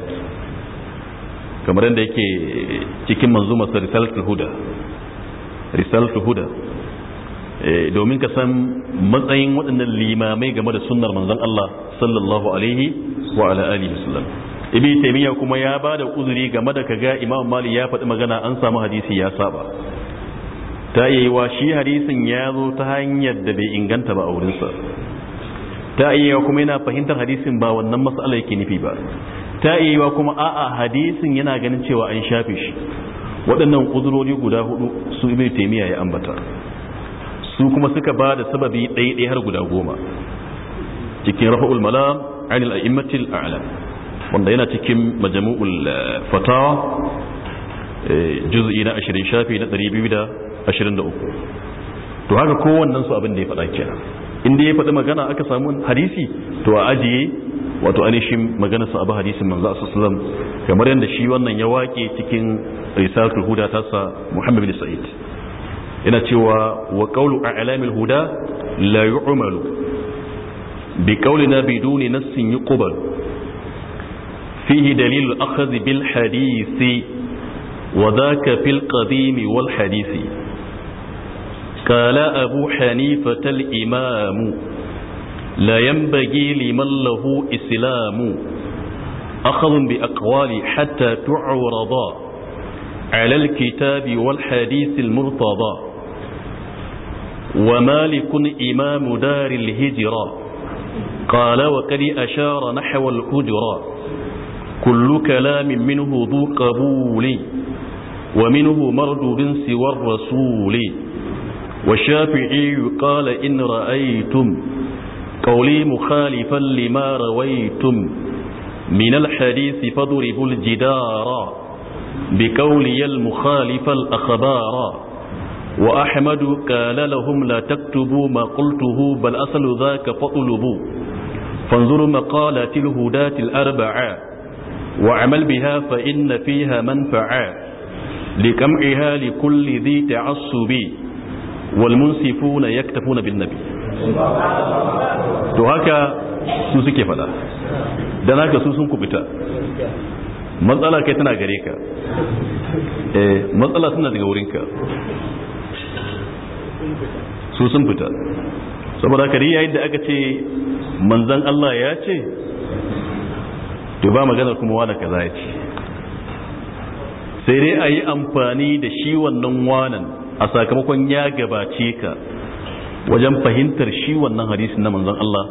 kamar yadda yake cikin manzumar sa risalatul huda risalatul huda eh, domin ka san matsayin waɗannan limamai game da sunnar manzon Allah sallallahu alaihi wa ala alihi wasallam ibi taymiya kuma ya ba da uzuri game da kaga imam Mali ya faɗi magana an samu hadisi ya saba ta iya wa shi hadisin ya zo ta hanyar da bai inganta ba a wurinsa ta iya kuma yana fahimtar hadisin ba wannan mas'ala yake nufi ba ta iya kuma a'a hadisin yana ganin cewa an shafe shi waɗannan uzurori guda hudu su ibn taymiya ya ambata su kuma suka ba da sababi ɗaya har guda goma cikin Rahul malam anil a'immatil a'lam wanda yana cikin majmu'ul eh, fatawa eh, juz'i na 20 shafi na 223 to haka kowannen su abin da ya faɗa kenan inda ya faɗi magana aka samu hadisi to a ajiye wato anishin maganar sa abu hadisin manzo sallam kamar yadda shi wannan ya wake cikin risalatul huda tasa muhammad bin sa'id yana cewa wa qawlu a'lamil huda la yu'malu bi qawlina biduni nassin yuqbal fihi dalil al bil hadisi wa dhaka fil qadim wal hadisi قال أبو حنيفة الإمام لا ينبغي لمن له إسلام أخذ بأقوال حتى تعرض على الكتاب والحديث المرتضى ومالك إمام دار الهجرة قال وقد أشار نحو الهجرة كل كلام منه ذو قبول ومنه مرد بن سوى الرسول والشافعي قال إن رأيتم قولي مخالفا لما رويتم من الحديث فضربوا الجدار بقولي المخالف الأخبار وأحمد قال لهم لا تكتبوا ما قلته بل أصل ذاك فاطلبوا فانظروا مقالات الهداة الأربعة وعمل بها فإن فيها منفعا لكمعها لكل ذي تعصب والمنصفون يكتفون بالنبي to haka su suke fada don haka su sun kubuta matsala kai tana gare ka eh, matsala tana daga wurinka su sun fita saboda kari yayin da aka ce manzan Allah ya ce to ba magana kuma wani kaza ya ce sai dai a yi amfani da shi wannan wanan a sakamakon ya gabace ka wajen fahimtar shi wannan hadisin na manzon Allah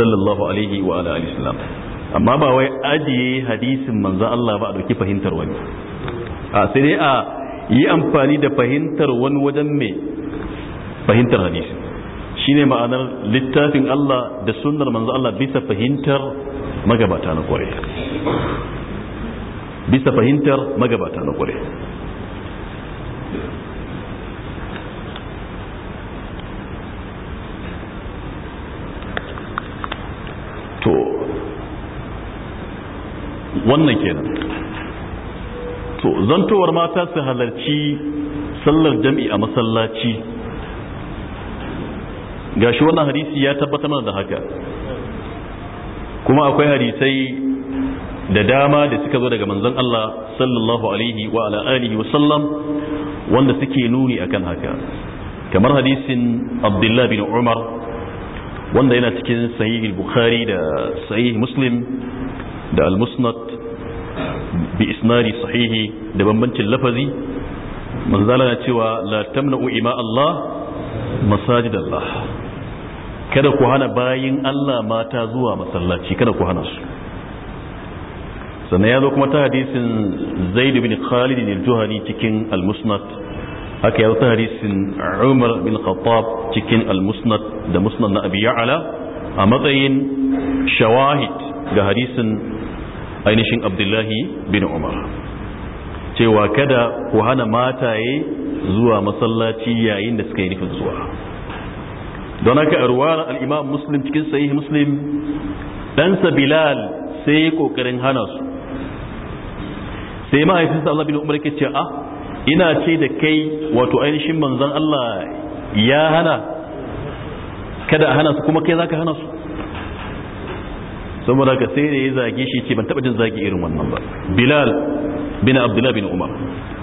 sallallahu alaihi wa ala alihi wasallam amma ba wai ajiye hadisin manzon Allah ba a dauki fahimtar wani a sai dai a yi amfani da fahimtar wani wajen mai fahimtar hadisin shine ma'anar littafin Allah da sunnar manzon Allah bisa fahimtar magabata na kwarai bisa fahimtar magabata na kware. to wannan kenan to zantowar mata su halarci sallar jam'i a masallaci gashi wannan hadisi ya tabbatar da haka kuma akwai hadisai da dama da suka zo daga manzon Allah sallallahu alaihi wa ala alihi wa sallam wanda suke nuni akan haka kamar hadisin Abdullah bin Umar wanda yana cikin sahihi bukhari da sahihi muslim da al-musnad bi isnadi sahihi da bambancin lafazi manzala na cewa la tamna'u ima Allah masajid Allah kada ku hana bayin Allah mata zuwa masallaci kada ku hana su sannan ya zo kuma ta hadisin zaid bin khalid al-juhani cikin al-musnad haka ya hadisin Umar bin Khattab cikin al-Musnad da Musnad na Abi Ya'la a matsayin shawahid ga hadisin ainihin Abdullahi bin Umar cewa kada ku hana mataye zuwa masallaci yayin da suka yi nufin zuwa don haka a ruwar al'imam muslim cikin sahih muslim ɗansa bilal sai ya ƙoƙarin hana su sai mahaifinsa Allah bin Umar ke ce ina ce da kai wato ainihin manzan Allah ya hana kada a hana su kuma kai zaka hana su saboda ka sai da ya zage shi ce ban taba jin zagi irin wannan ba bilal bin abdullah bin umar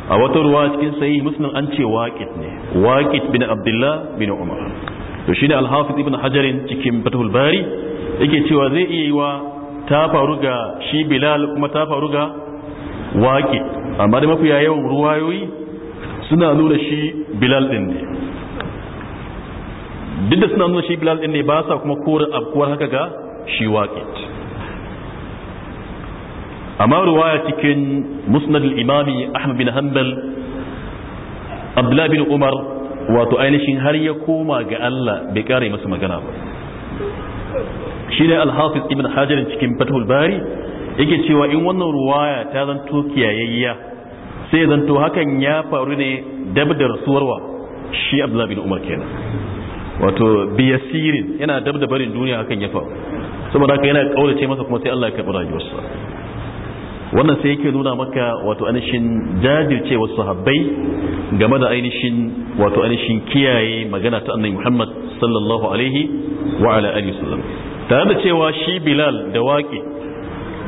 a wata ruwa cikin sayi an ce waƙit ne waƙit bin abdullah bin umar to shine al-hafiz ibn hajarin cikin fathul bari yake cewa zai iya yi wa ta faru ga shi bilal kuma ta faru ga waƙi amma da mafiya yawan ruwayoyi suna nuna shi bilal ɗin ne duk da suna nuna shi bilal ɗin ne ba sa kuma korin abkuwar haka ga shi waƙi amma ruwaya cikin musnad imami ahmad bin hanbal Abdullahi bin umar wato ainihin har ya koma ga allah bai kare masa magana ba shi ne alhafiz ibn hajar cikin fathul bari yake cewa in wannan ruwaya ta zanto kiyayayya sai zanto hakan ya faru ne dab da rasuwarwa shi abdullahi bin umar kenan wato biyasirin yana dab da barin duniya hakan ya faru saboda haka yana kaulace masa kuma sai Allah ya karɓi rayuwarsa wannan sai yake nuna maka wato jajirce jajircewa sahabbai game da ainihin wato anishin kiyaye magana ta annabi Muhammad sallallahu alaihi wa ala alihi tare da cewa shi Bilal da waƙi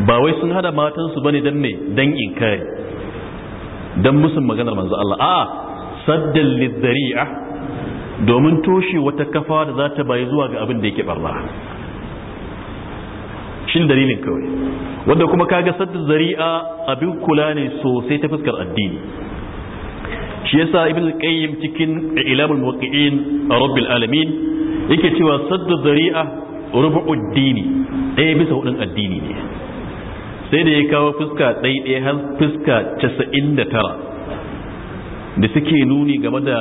ba wai sun hada matansu bane dan me dan inkari dan musun maganar manzo Allah a saddan lidari'a domin toshe wata kafa da za ta bayi zuwa ga abin da yake barna shin dalilin kawai wanda kuma kaga saddan zari'a abin kula ne sosai ta fuskar addini shi yasa ibn qayyim cikin ilamul muwaqqi'in rabbil alamin yake cewa saddu zari'a rubu'ud dini ɗaya bisa hudun addini ne sai da ya kawo fuska ɗaiɗaya har fuska casa'in da tara da suke nuni game da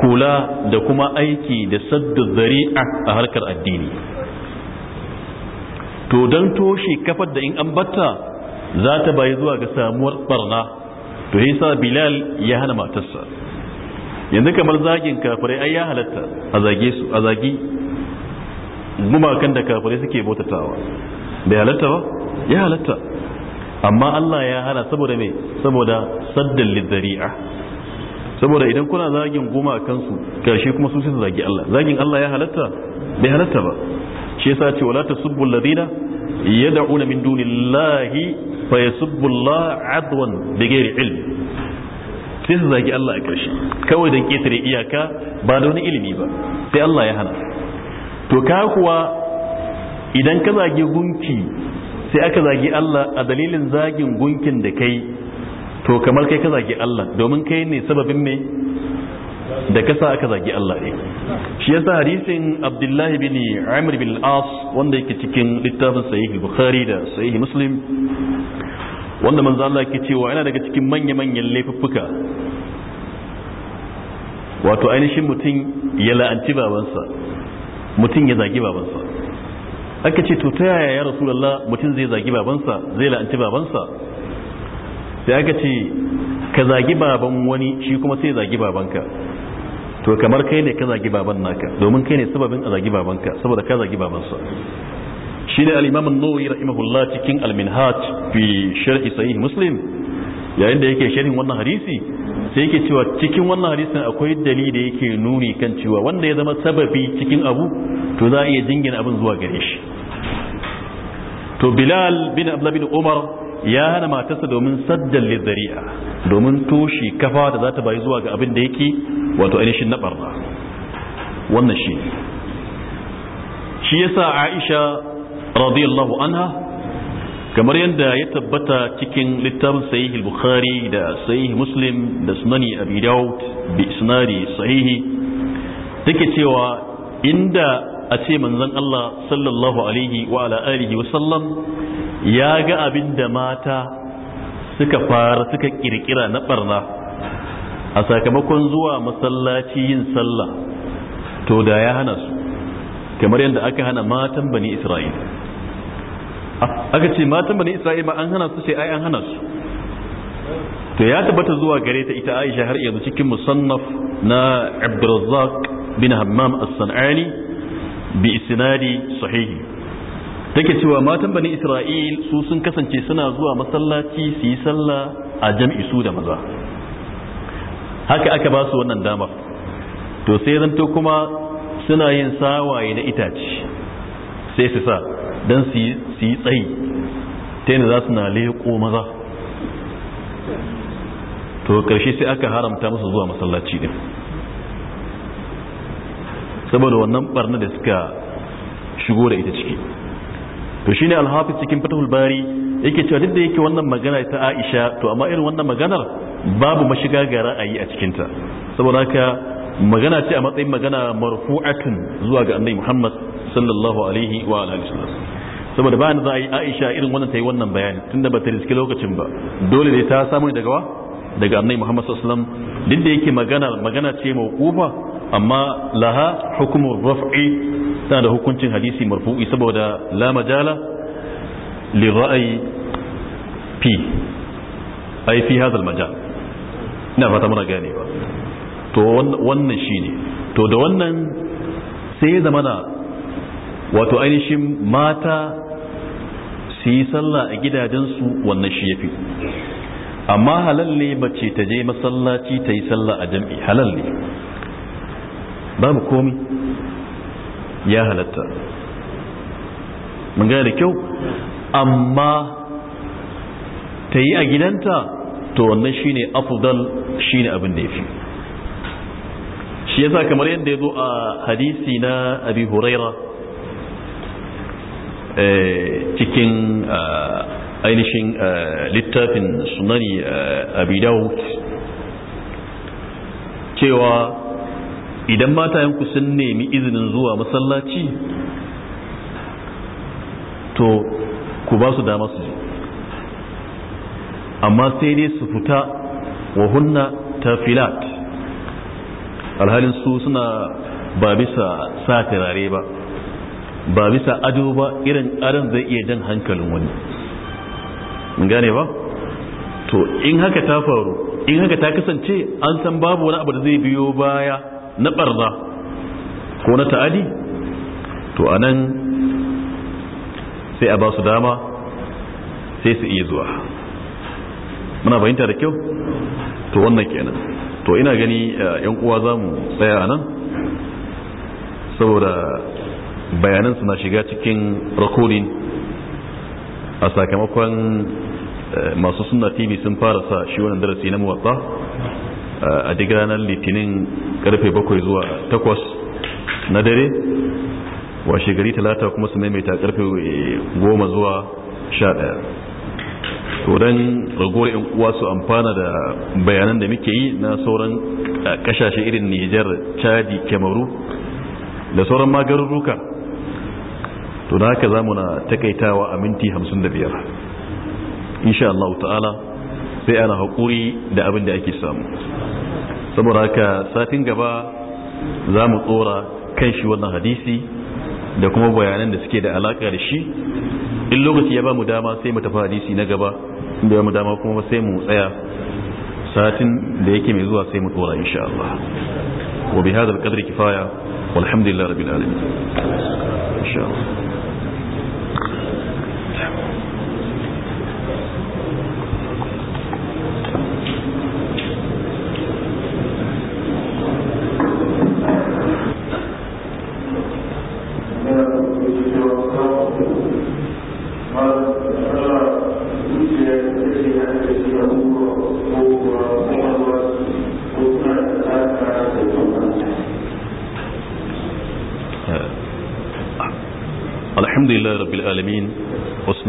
kula da kuma aiki da sadda zari'a a harkar addini to don toshe kafar da in an batta za ta bayi zuwa ga samuwar barna to sa bilal ya hana matarsa yanzu kamar zagin kafirai ai ya halatta a zage su a zagi gumakan da kafirai suke bautatawa bai halatta ba ya halatta amma Allah ya hana saboda me saboda saddan lidari'a saboda idan kuna zagin goma a kansu karshe kuma sun sai zagi Allah zagin Allah ya halatta bai halatta ba shi yasa ce wala tasubbu alladhina yad'una min dunillahi fa yasubbu Allah adwan bighairi ilm sai su zagi Allah a karshe kawai dan ketare iyaka ba da wani ilimi ba sai Allah ya hana to ka kuwa idan ka zagi gunki sai aka zagi Allah a dalilin zagin gunkin da kai to kamar kai ka zagi Allah domin kai ne sababin mai da kasa aka zagi Allah ne shi yasa hadisin Abdullahi bin Amr bin al-As wanda yake cikin littafin Sahih Bukhari da Sahih Muslim wanda manzo Allah yake cewa yana daga cikin manya-manyan laifuffuka wato ainihin mutum ya la'anci babansa mutum ya zagi babansa aka ce to ta yaya ya rasulullah mutum zai zagi babansa zai la'anci babansa sai aka ce ka zagi baban wani shi kuma sai zagi babanka to kamar kai ne ka zagi baban naka domin kai ne sababin a zagi babanka saboda ka zagi babansa shi ne al-imam an-nawawi rahimahullah cikin al-minhaj fi sharh sahih muslim yayin da yake sharhin wannan hadisi sai yake cewa cikin wannan hadisin akwai dalili da yake nuni kan cewa wanda ya zama sababi cikin abu to za a iya jingina abin zuwa gare shi to bilal bin abdullah umar ya hana matarsa domin saddan lizari'a domin toshe kafa da za ta bayi zuwa ga abin da yake wato ainihin na barna wannan shi shi yasa aisha radiyallahu anha kamar yadda ya tabbata cikin littafin sahihi bukhari da sahihi muslim da sunani abi daud bi isnadi sahihi take cewa inda a ce manzon Allah sallallahu alaihi wa ala alihi wa sallam ya ga abin da mata suka fara suka kirkira na barna a sakamakon zuwa masallaci yin sallah to da ya hana su kamar yadda aka hana matan bani isra'ila aka ce matan bani isra'ila an hana su sai ai an hana su to ya tabbata zuwa gare ta ita aisha har yanzu cikin musannaf na abdurrazzaq bin hammam as-sanani bi isnadi sahihi take cewa matan bani isra'il su sun kasance suna zuwa masallaci su yi sallah a jam'i su da maza haka aka ba su wannan damar to sai zanto kuma suna yin sawaye na itace sai su sa Dan su yi tsayi ta yana za su na leƙo maza to karshe sai aka haramta musu zuwa masallaci din saboda wannan barna da suka shigo da ita ciki to shine alhafi cikin fatahul bari yake cewa duk da yake wannan magana ta aisha to amma irin wannan maganar babu mashiga ga ra'ayi a cikinta saboda haka magana ce a matsayin magana marfu'atun zuwa ga annabi muhammad sallallahu alaihi wa alihi wasallam saboda ba za a yi aisha irin wannan ta yi wannan bayani tunda ba ta riski lokacin ba dole ne ta samu daga wa daga annai muhammad sallam duk da yake magana magana ce mawqufa amma laha hukumar raf'i tana da hukuncin hadisi marfu'i saboda la majala li ra'ayi fi ai fi hadal majal ina fata muna gane ba to wannan shine to da wannan sai ya zamana wato ainihin mata su yi sallah a gidajensu wannan shi ya fi amma halal ne mace ta je masallaci ta yi sallah a jam'i halal ne babu komi ya halatta mun gane da kyau amma ta yi a gidanta to wannan afudal shi ne abin da ya fi shi yasa kamar yadda ya zo a hadisi na abi huraira Eh, cikin eh, ainihin eh, littafin sunani a dawud cewa idan matayenku sun nemi izinin zuwa masallaci to ku ba su dama su amma sai dai su fita wa hunna ta filat alhalin su suna ba bisa sa turare ba ba bisa ado ba irin aron zai iya jan hankalin wani gane ba to in haka ta faru in haka ta kasance an san babu wani abu da zai biyo baya na barza ko na ta'adi to anan sai a ba su dama sai su iya zuwa muna fahimta da kyau to wannan kenan to ina gani eh, yan uwa za mu tsaya a nan saboda bayanan suna shiga cikin rakodin a sakamakon eh, masu suna tv sun fara sa shi wannan darasi na muwatsa eh, a duk ranar litinin karfe 7 zuwa 8 na dare washe gari talata kuma su maimaita karfe 10 eh, zuwa 11 to dan ragowar yan uwa su amfana da bayanan da muke yi na sauran kashashe irin Nijar, Chadi, Kemaru da sauran magarurruka to da haka zamu na takaitawa a minti 55 insha Allah ta'ala sai ana haƙuri da abin da ake samu saboda haka satin gaba za mu tsora kan shi wannan hadisi da kuma bayanan da suke da alaƙa da shi in lokaci ya ba mu dama sai mu tafi hadisi na gaba inda ya mu dama kuma sai mu tsaya satin da yake mai zuwa sai mu tsora insha Allah wa bi hadha al-qadri kifaya walhamdulillahi rabbil alamin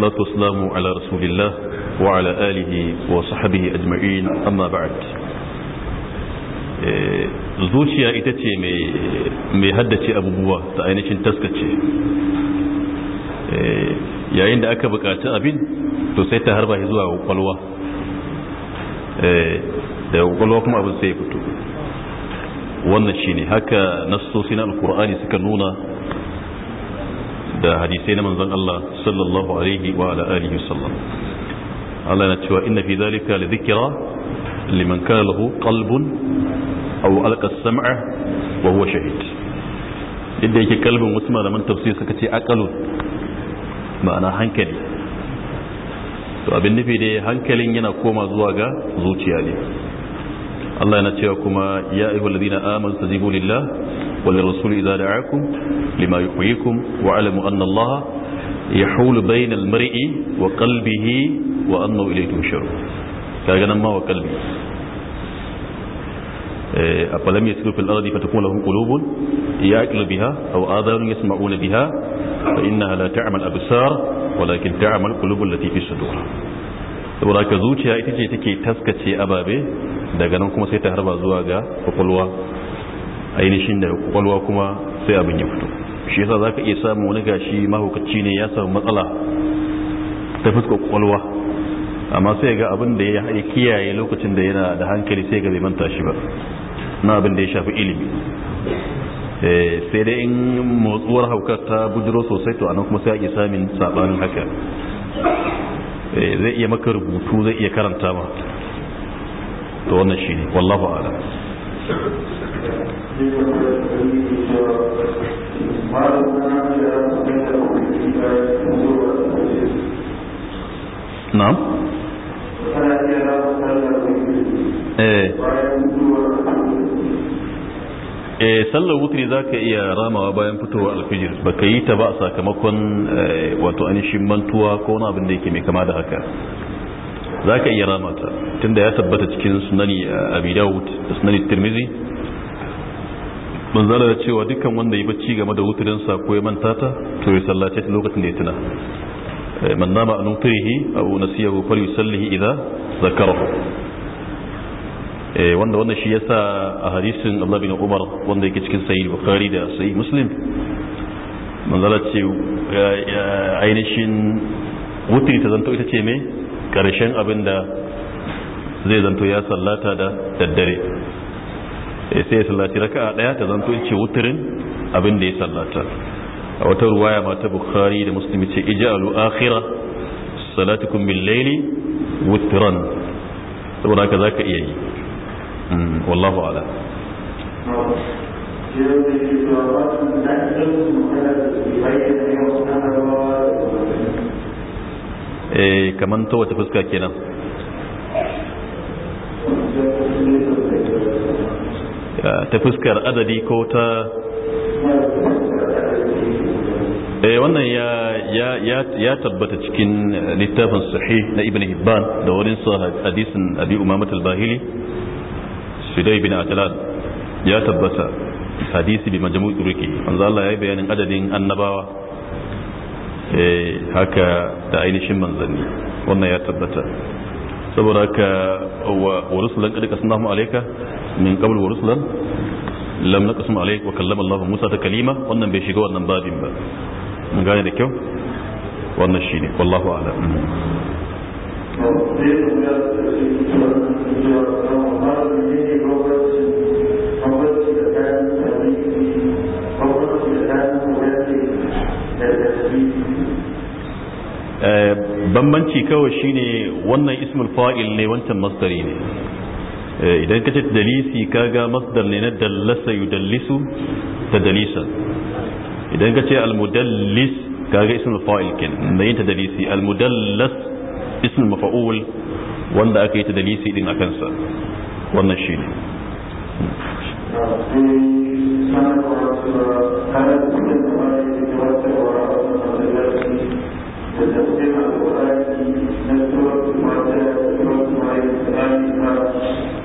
والصلاة والسلام على رسول الله وعلى آله وصحبه أجمعين أما بعد zuciya ita ce mai haddace abubuwa ta ainihin taskace yayin da aka bukaci abin to sai ta harba zuwa kwakwalwa da kwakwalwa kuma abin sai fito wannan shine haka nassosi na alkur'ani suka nuna da hadisai na manzon Allah sallallahu alaihi wa ala alihi wasallam Allah na cewa inna fi zalika la dhikra liman kana lahu qalbun aw alqa as-sam'a wa huwa shahid yadda yake kalbin wasu malaman tafsir suka ce aqalun ma'ana hankali to abin nufi dai hankalin yana koma zuwa ga zuciya ne Allah yana cewa kuma ya ayyuhallazina amanu tajibu lillah وللرسول إذا دعاكم لما يحييكم واعلموا أن الله يحول بين المرء وقلبه وأنه إليه تنشره كأجنا ما وقلبه أفلم يسلوا في الأرض فتكون لهم قلوب يأكل بها أو آذان يسمعون بها فإنها لا تعمل أبصار ولكن تعمل قلوب التي في الصدور saboda ka zuciya ita ce take taskace ababe daga nan kuma sai ta harba zuwa ga kwakwalwa ainihin da kwakwalwa kuma sai abin ya fito shi yasa za ka iya samun wani gashi mahaukaci ne ya samu matsala ta fuskar kwakwalwa amma sai ga abin da ya kiyaye lokacin da yana da hankali sai ga bai manta shi ba na abin da ya shafi ilimi eh, sai dai in motsuwar haukar ta bujiro sosai to anan kuma sai ake samun sabanin haka eh, zai iya maka rubutu zai iya karanta ma to wannan shi ne wallahu a'lam na'am eh. Eh, sallar wutri za ka iya ramawa bayan fitowa alfijir ba ka yi ta ba sakamakon eh, wato anishin mantuwa ko wani abin da yake mai kama da haka za ka iya ramata tunda ya tabbata cikin sunani abi da sunani tirmizi manzala da cewa dukkan wanda ya bacci game da wutirinsa ko ya manta ta to ya sallace ta lokacin da ya tuna eh, man nama an wutirihi abu nasiyahu fal yusallihi idza zakarahu eh, wanda wannan shi yasa a hadisin Allah bin Umar wanda yake cikin sahih Bukhari da sahih Muslim manzala ce ainihin wuturi ta zanto ita ce me karshen abin da zai zanto ya sallata da daddare Eh, sai ya sallaci raka a ɗaya ta zanto ce wutarin abin da ya sallata a wata ruwaya mata bukhari da musulmi ce ijalu akhira salatukum bil laili wutran saboda haka zaka iya yi hmm, wallahu ala eh kaman ta wata fuska kenan ta fuskar adadi ko ta eh, wannan ya tabbata cikin littafin sahih na ibn hibban da wurin sa hadisin abi umamah al-bahili sidai bin atlad ya tabbata hadisi bi majmu' turuki manzo Allah yi bayanin adadin annabawa eh, haka da ainihin manzanni wannan ya tabbata saboda haka wa rusulan qad sunnahu alayka من قبل ورسلا لم نقسم عليك وكلم الله موسى تكليمة وانا بيشيكو وانا بادين با مقاني دكيو وانا الشيني والله أعلم bambanci kawai shine wannan ismul fa'il ne idan ka ce dalisi kaga masdar ne na dallasa yudallisu ta dalisa idan ka ce almudallis kaga ismul fa'il kenan da yin tadalisi almudallas ismul mafa'ul wanda aka yi tadalisi din akan sa wannan shine Thank you.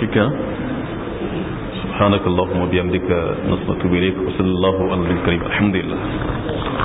شكا سبحانك اللهم وبحمدك نصلت إليك وصلى الله على الكريم الحمد لله